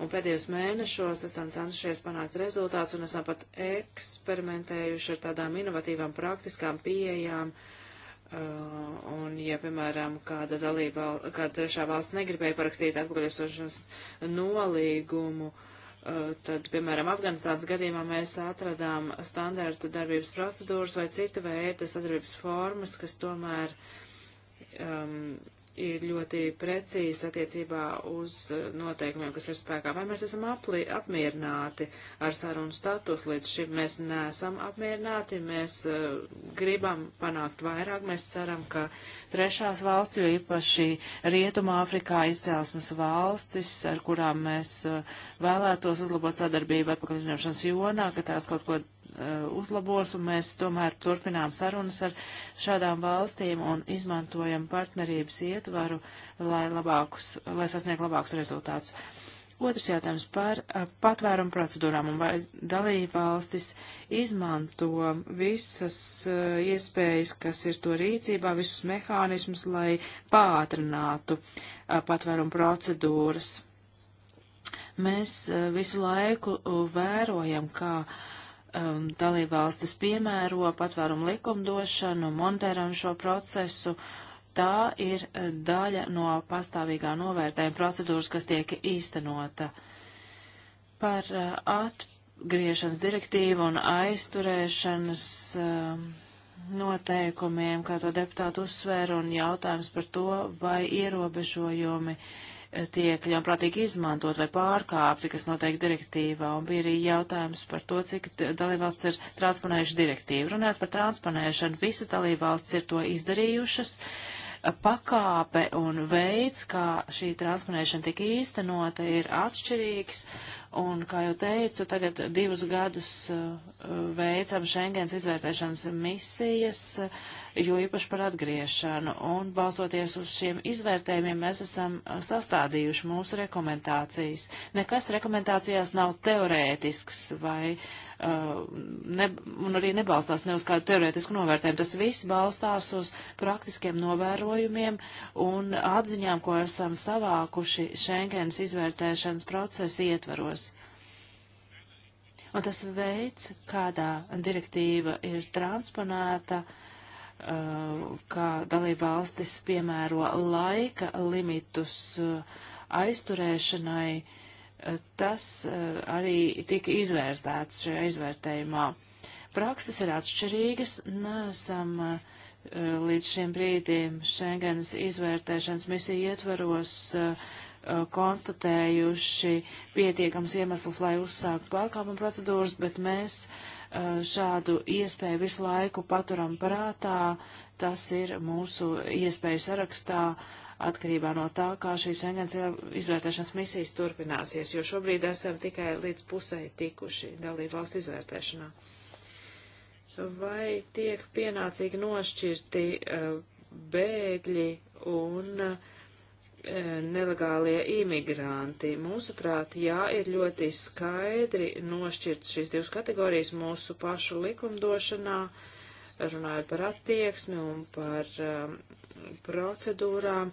Un pēdējos mēnešos esam cenšies panākt rezultāts un esam pat eksperimentējuši ar tādām inovatīvām praktiskām pieejām, uh, Uh, un, ja, piemēram, kāda dalība, kāda trešā valsts negribēja parakstīt atpakaļošanas nolīgumu, uh, tad, piemēram, Afganistānas gadījumā mēs atradām standārtu darbības procedūras vai cita veida sadarbības formas, kas tomēr um, ir ļoti precīzi attiecībā uz eh, noteikumiem, kas ir spēkā. Vai mēs esam apli, apmierināti ar sarunu status līdz šim? Mēs neesam apmierināti, mēs uh, gribam panākt vairāk, mēs ceram, ka trešās valsts, jo īpaši Rietuma Āfrikā izcēlesmes valstis, ar kurām mēs uh, vēlētos uzlabot sadarbību atpakaļ uzņemšanas jonā, ka tās kaut ko Eh, uzlabos, un mēs tomēr turpinām sarunas ar šādām valstīm un izmantojam partnerības ietvaru, lai, labākus, lai sasniegtu labākus rezultātus. Otrs jautājums par eh, patvērumu procedūrām un vai dalība valstis izmanto visas uh, iespējas, kas ir to rīcībā, visus mehānismus, lai pātrinātu uh, patvērumu procedūras. Mēs uh, visu laiku vērojam, kā um, dalībvalstis piemēro patvērumu likumdošanu, monitoram šo procesu. Tā ir uh, daļa no pastāvīgā novērtējuma procedūras, kas tiek īstenota. Par uh, atgriešanas direktīvu un aizturēšanas uh, noteikumiem, kā to deputātu uzsvēra, un jautājums par to, vai ierobežojumi uh, tiek ļaunprātīgi izmantot vai pārkāpti, kas noteikti direktīvā. Un bija arī jautājums par to, cik dalībvalsts ir transponējuši direktīvu. Runājot par transponēšanu, visas dalībvalsts ir to izdarījušas. Pakāpe un veids, kā šī transponēšana tika īstenota, ir atšķirīgs. Un, kā jau teicu, tagad divus gadus uh, veicam Schengens izvērtēšanas misijas. Uh, jo īpaši par atgriešanu. Un balstoties uz šiem izvērtējumiem, mēs esam sastādījuši mūsu rekomendācijas. Nekas rekomendācijās nav teorētisks vai uh, ne, un arī nebalstās ne uz kādu teorētisku novērtējumu. Tas viss balstās uz praktiskiem novērojumiem un atziņām, ko esam savākuši Schengens izvērtēšanas procesa ietvaros. Un tas veids, kādā direktīva ir transponēta, uh, Uh, kā dalība valstis piemēro laika limitus uh, aizturēšanai, uh, tas arī tika izvērtēts šajā izvērtējumā. Prakses ir atšķirīgas, nesam līdz šiem brīdiem Schengens izvērtēšanas misiju ietvaros konstatējuši pietiekams iemesls, lai uzsākt pārkāpuma procedūras, bet mēs uh, Eh, šādu iespēju visu laiku paturam prātā. Tas ir mūsu iespēju sarakstā atkarībā no tā, kā šīs Schengens izvērtēšanas misijas turpināsies, jo šobrīd esam tikai līdz pusē tikuši dalību valstu izvērtēšanā. Vai tiek pienācīgi nošķirti uh, bēgļi un uh, E, nelegālie imigranti. Mūsuprāt, jā, ir ļoti skaidri nošķirts šīs divas kategorijas mūsu pašu likumdošanā, runājot par attieksmi un par um, procedūrām,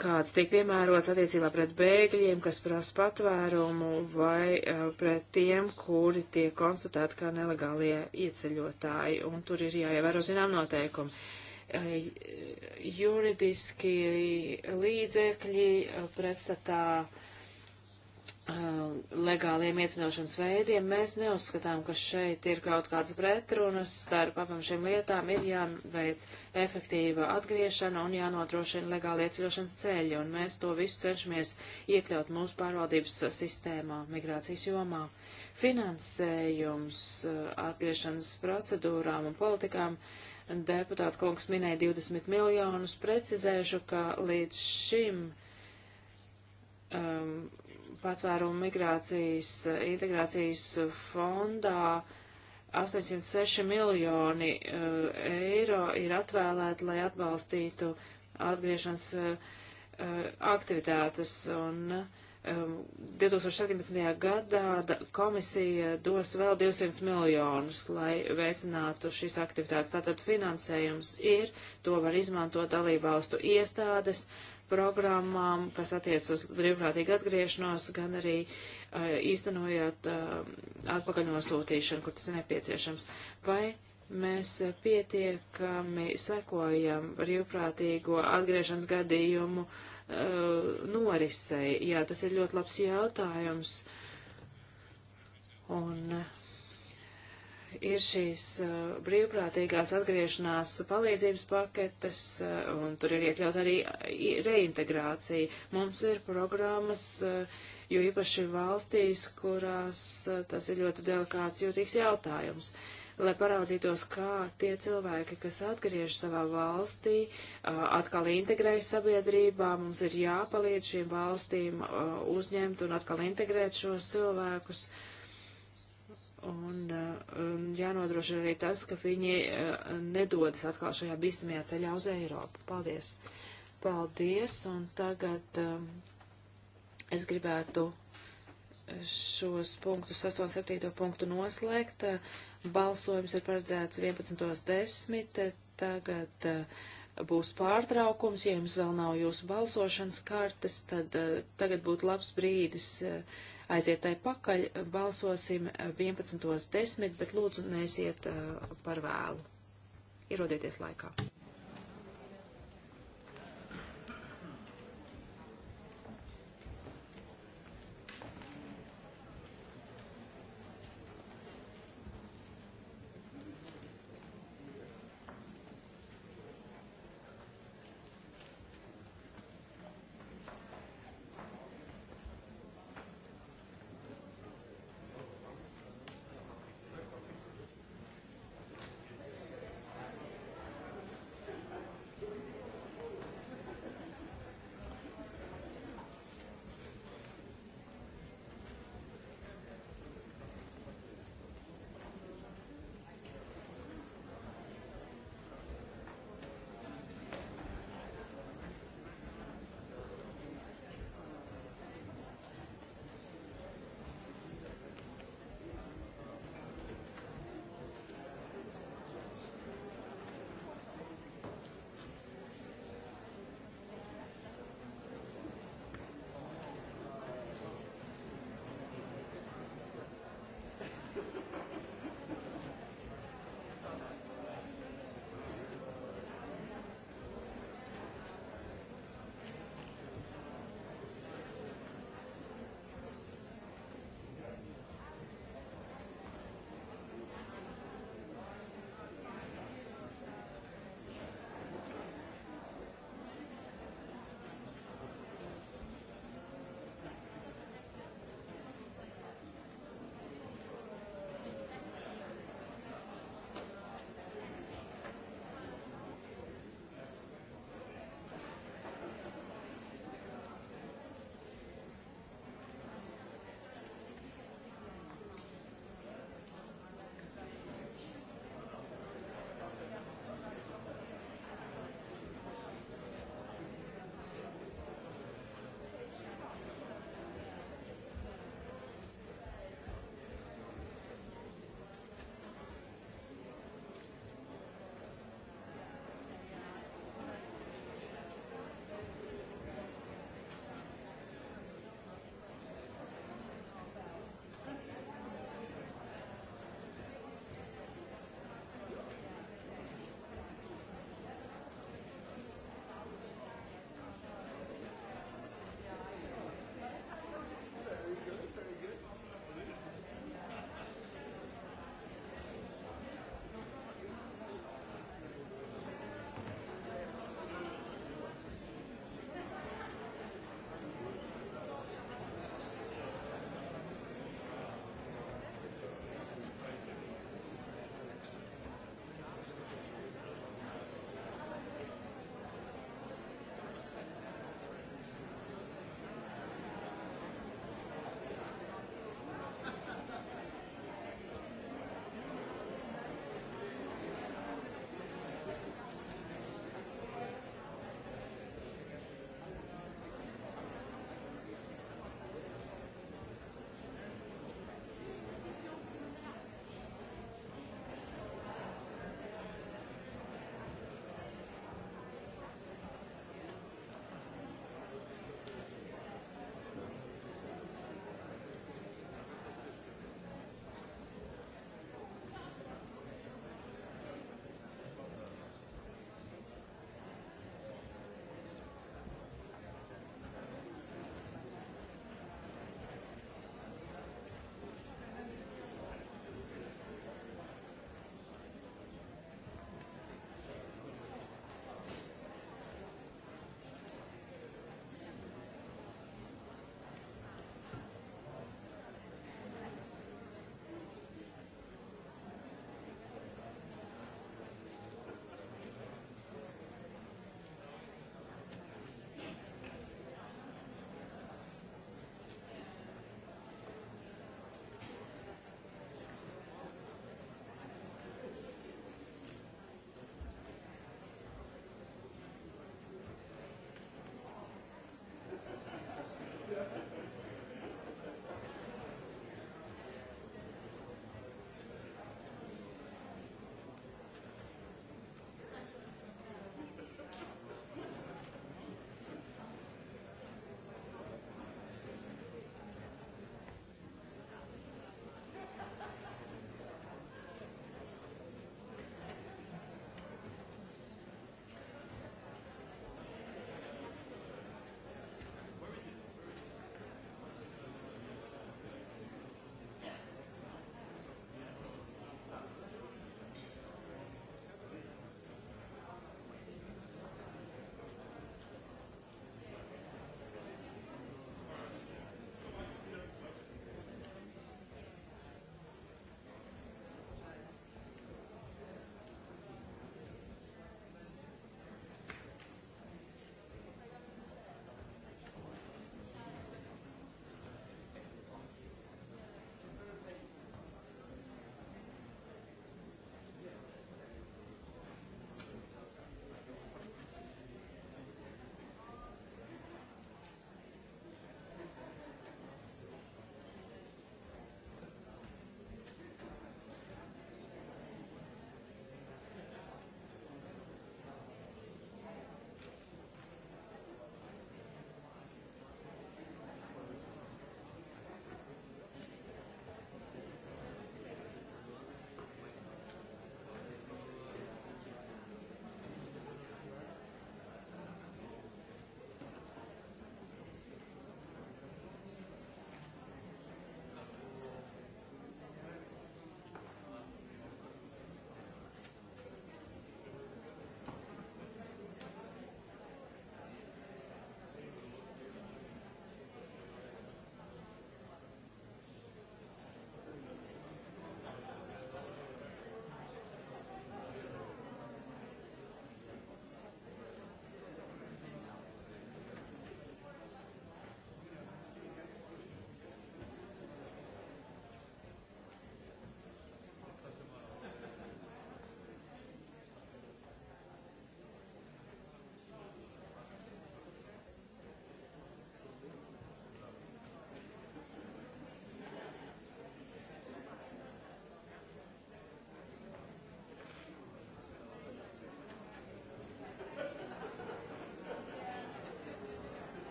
kāds tiek piemērots attiecībā pret bēgļiem, kas prasa patvērumu, vai uh, pret tiem, kuri tiek konstatēti kā nelegālie ieceļotāji, un tur ir jāievēro zinām noteikumi juridiski līdzekļi uh, pretstatā uh, legāliem iecinošanas veidiem, mēs neuzskatām, ka šeit ir kaut kāds pretrunas starp abām šīm lietām, ir jāveic efektīva atgriešana un jānodrošina legāli iecinošanas ceļi, un mēs to visu cenšamies iekļaut mūsu pārvaldības sistēmā, migrācijas jomā. Finansējums uh, atgriešanas procedūrām un politikām uh, Deputāta kungs minēja 20 miljonus. Precizēšu, ka līdz šim um, patvērumu migrācijas integrācijas fondā 806 miljoni uh, eiro ir atvēlēti, lai atbalstītu atgriešanas uh, uh aktivitātes. Un, uh, 2017. Um, gadā komisija dos vēl 200 miljonus, lai veicinātu šīs aktivitātes. Tātad finansējums ir, to var izmantot dalībvalstu iestādes programmām, kas attiec uz brīvprātīgu atgriešanos, gan arī uh, īstenojot uh, atpakaļ nosūtīšanu, kur tas ir nepieciešams. Vai Mēs pietiekami sekojam brīvprātīgo atgriešanas gadījumu uh, norisei. Jā, tas ir ļoti labs jautājums. Un eh, ir šīs uh, brīvprātīgās atgriešanās palīdzības paketes, uh, un tur ir iekļaut arī reintegrācija. Mums ir programmas, uh, jo īpaši valstīs, kurās tas ir ļoti delikāts jūtīgs jautājums. Uh, lai paraudzītos, kā tie cilvēki, kas atgriež savā valstī, atkal integrējas sabiedrībā. Mums ir jāpalīdz šīm valstīm uzņemt un atkal integrēt šos cilvēkus. Un, un jānodrošina arī tas, ka viņi nedodas atkal šajā bīstamajā ceļā uz Eiropu. Paldies! Paldies! Un tagad um, es gribētu šos punktus 8.7. punktu noslēgt. Balsojums ir paredzēts 11.10. Tagad eh, būs pārtraukums. Ja jums vēl nav jūsu balsošanas kartes, tad eh, tagad būtu labs brīdis eh, aiziet tai pakaļ. Balsosim 11.10, bet lūdzu neesiet par vēlu. Ierodieties laikā.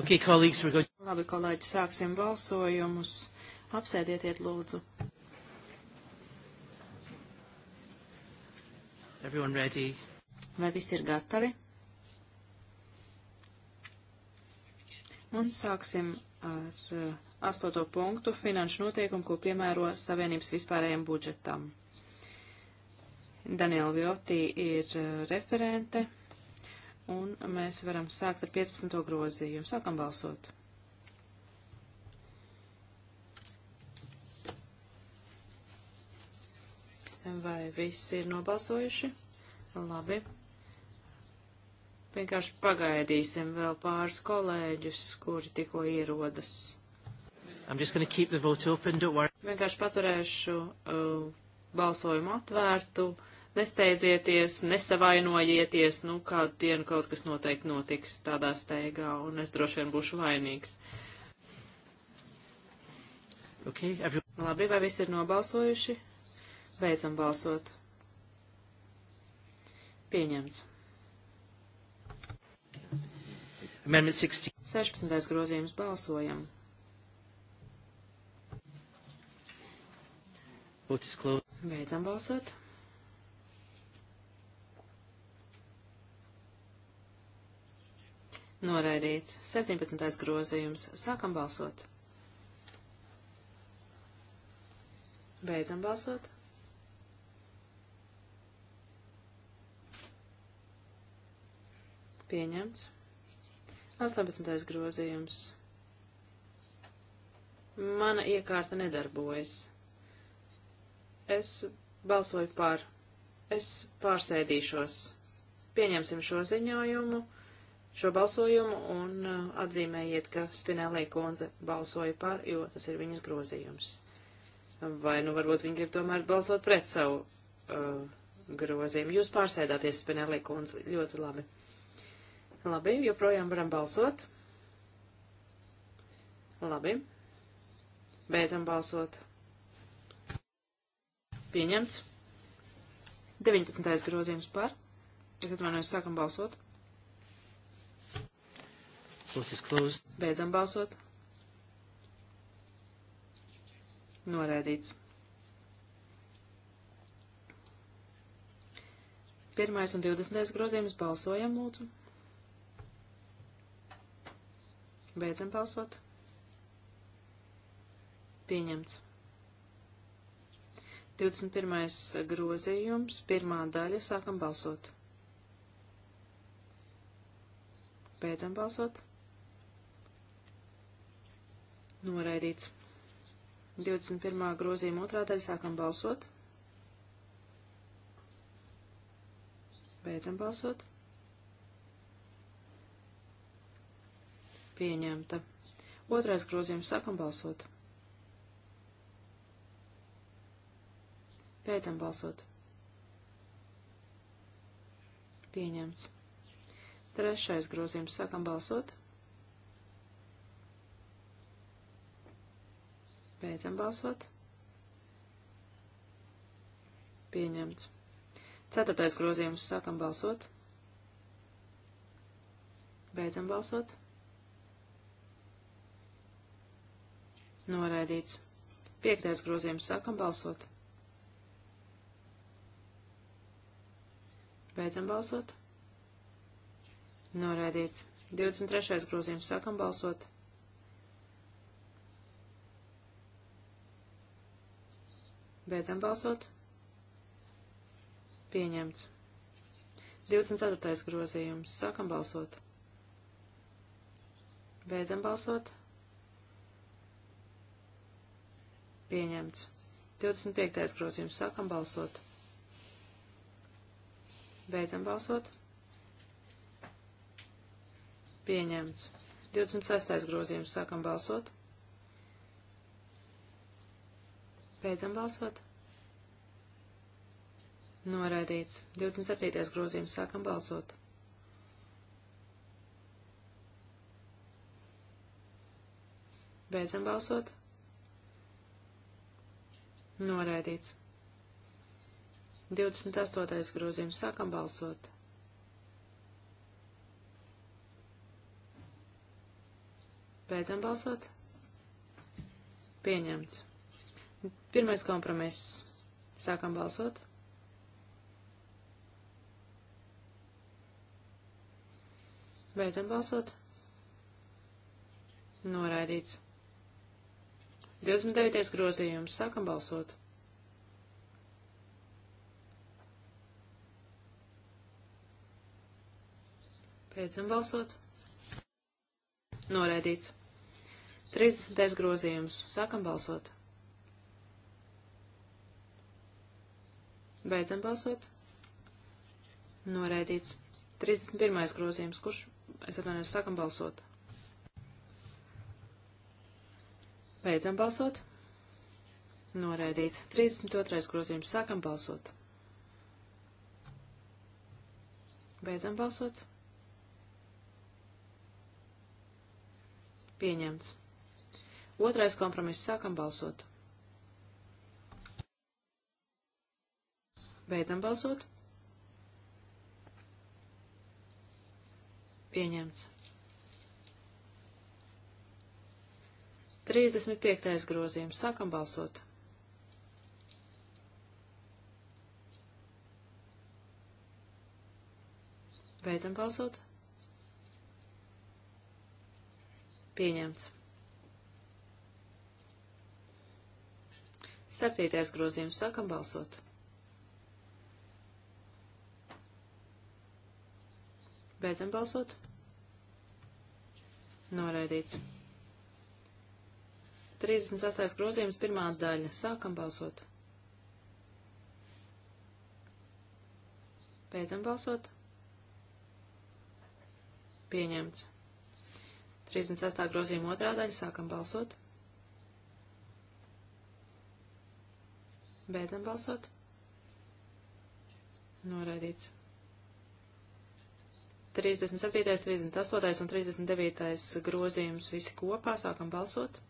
Okay, colleagues, we're going... Labi, kolēģi, sāksim balsojumus. Apsēdieties, lūdzu. Everyone ready? Vai visi ir gatavi? Un sāksim ar uh, astoto punktu finanšu noteikumu, ko piemēro Savienības vispārējiem budžetam. Daniela Vioti ir uh, referente mēs varam sākt ar 15. grozījumu. Sākam balsot. Vai visi ir nobalsojuši? Labi. Vienkārši pagaidīsim vēl pāris kolēģus, kuri tikko ierodas. Vienkārši paturēšu uh, balsojumu atvērtu nesteidzieties, nesavainojieties, nu kādu dienu kaut kas noteikti notiks tādā steigā, un es droši vien būšu vainīgs. Okay, every... Labi, vai visi ir nobalsojuši? Beidzam balsot. Pieņemts. 16. 16. grozījums balsojam. Beidzam balsot. Noraidīts. 17. grozījums. Sākam balsot. Beidzam balsot. Pieņemts. 18. grozījums. Mana iekārta nedarbojas. Es balsoju par. Es pārsēdīšos. Pieņemsim šo ziņojumu šo balsojumu un uh, atzīmējiet, ka Spinelli kundze balsoja par, jo tas ir viņas grozījums. Vai nu varbūt viņi grib tomēr balsot pret savu uh, grozījumu. Jūs pārsēdāties, Spinelli kundze, ļoti labi. Labi, joprojām varam balsot. Labi. Beidzam balsot. Pieņemts. 19. grozījums par. Es atvainojos, sākam balsot. Vote is closed. Beidzam balsot. Norēdīts. Pirmais un 20. grozījums balsojam, lūdzu. Beidzam balsot. Pieņemts. 21. grozījums, pirmā daļa, sākam balsot. Beidzam balsot. Noraidīts. 21. grozījuma otrā daļa sākam balsot. Beidzam balsot. Pieņemta. Otrais grozījums sākam balsot. Beidzam balsot. Pieņemts. Trešais grozījums sākam balsot. Beidzam balsot. Pieņemts. Ceturtais grozījums. Sākam balsot. Beidzam balsot. Noraidīts. Piektais grozījums. Sākam balsot. Beidzam balsot. Noraidīts. 23. grozījums. Sākam balsot. Beidzam balsot. Pieņemts. 24. grozījums. Sākam balsot. Beidzam balsot. Pieņemts. 25. grozījums. Sākam balsot. Beidzam balsot. Pieņemts. 26. grozījums. Sākam balsot. Beidzam balsot. Noraidīts. 27. grozījums. Sākam balsot. Beidzam balsot. Noraidīts. 28. grozījums. Sākam balsot. Beidzam balsot. Pieņemts. Pirmais kompromiss. Sākam balsot. Beidzam balsot. Noraidīts. 29. grozījums. Sākam balsot. Beidzam balsot. Noraidīts. 30. grozījums. Sākam balsot. Beidzam balsot. Noraidīts. 31. grozījums, kurš, es atvainojos, sākam balsot. Beidzam balsot. Noraidīts. 32. grozījums, sākam balsot. Beidzam balsot. Pieņemts. Otrais kompromiss, sākam balsot. Beidzam balsot. Pieņemts. 35. grozījums. Sākam balsot. Beidzam balsot. Pieņemts. Septītais grozījums. Sākam balsot. Beidzam balsot. Noraidīts. 36. grozījums, pirmā daļa. Sākam balsot. Beidzam balsot. Pieņemts. 36. grozījuma otrā daļa. Sākam balsot. Beidzam balsot. Noraidīts. 37., 38. un 39. grozījums visi kopā. Sākam balsot.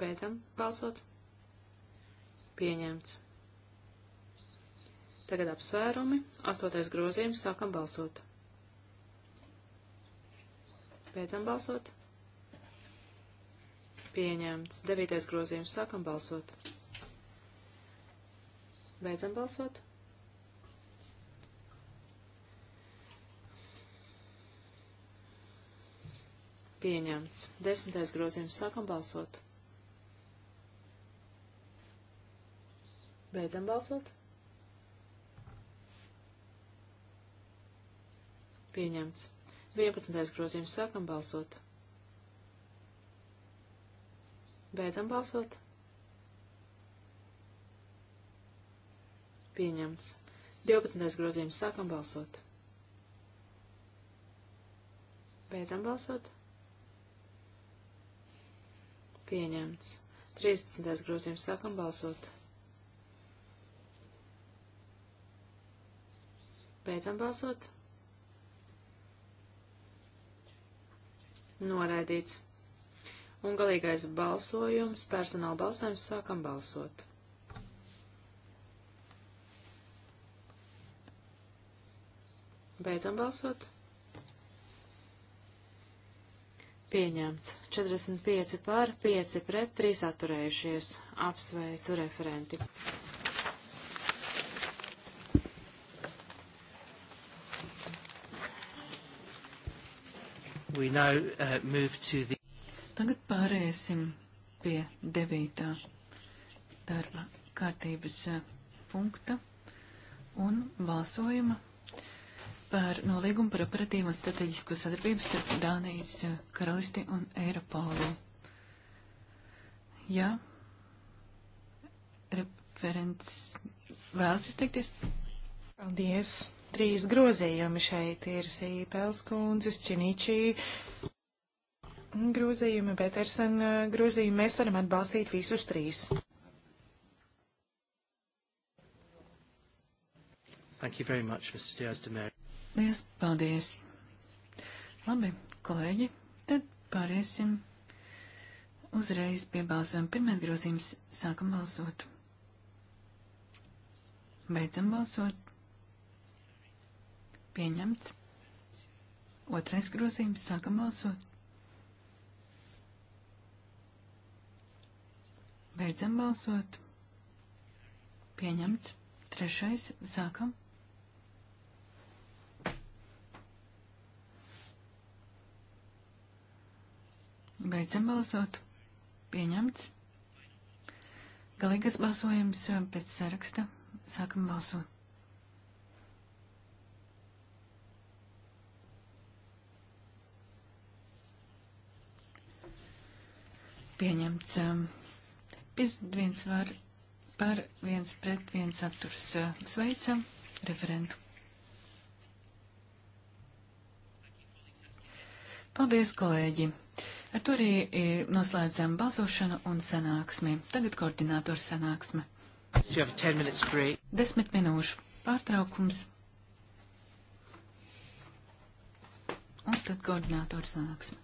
Beidzam balsot. Pieņemts. Tagad apsvērumi. Astotais grozījums. Sākam balsot. Beidzam balsot. Pieņemts. Devītais grozījums. Sākam balsot. Beidzam balsot. pieņemts. Desmitais grozījums. Sākam balsot. Beidzam balsot. Pieņemts. 11. grozījums sākam balsot. Beidzam balsot. Pieņemts. 12. grozījums sākam balsot. Beidzam balsot pieņemts. 13. grozījums sākam balsot. Beidzam balsot. Noraidīts. Un galīgais balsojums, personāla balsojums, sākam balsot. Beidzam balsot. Pieņemts. 45 pār, 5 pret, 3 atturējušies. Apsveicu referenti. We now, uh, move to the... Tagad pārēsim pie 9. darba kārtības uh, punkta un balsojuma par nolīgumu par operatīvo un strateģisko sadarbību starp Dānijas eh, karalisti un Eiropolu. Jā, referents vēlas izteikties. Paldies. Trīs grozījumi šeit ir Sīpels kundzes, Činičī. Grozījumi, Petersen eh, grozījumi, mēs varam atbalstīt visus trīs. Thank you very much, Mr. Diaz de Mera. Liels paldies! Labi, kolēģi, tad pāriesim uzreiz pie balsojuma. Pirmais grozījums - sākam balsot. Beidzam balsot. Pieņemts. Otrais grozījums - sākam balsot. Beidzam balsot. Pieņemts. Trešais - sākam. Beidzam balsot. Pieņemts. Galīgas balsojums eh, pēc saraksta. Sākam balsot. Pieņemts. Eh, pēc viens var par viens pret viens atturs. Eh, sveicam referentu. Paldies, kolēģi! Ar to arī e, noslēdzam balsošanu un sanāksmi. Tagad koordinātors sanāksme. So Desmit minūšu pārtraukums. Un tad koordinātors sanāksme.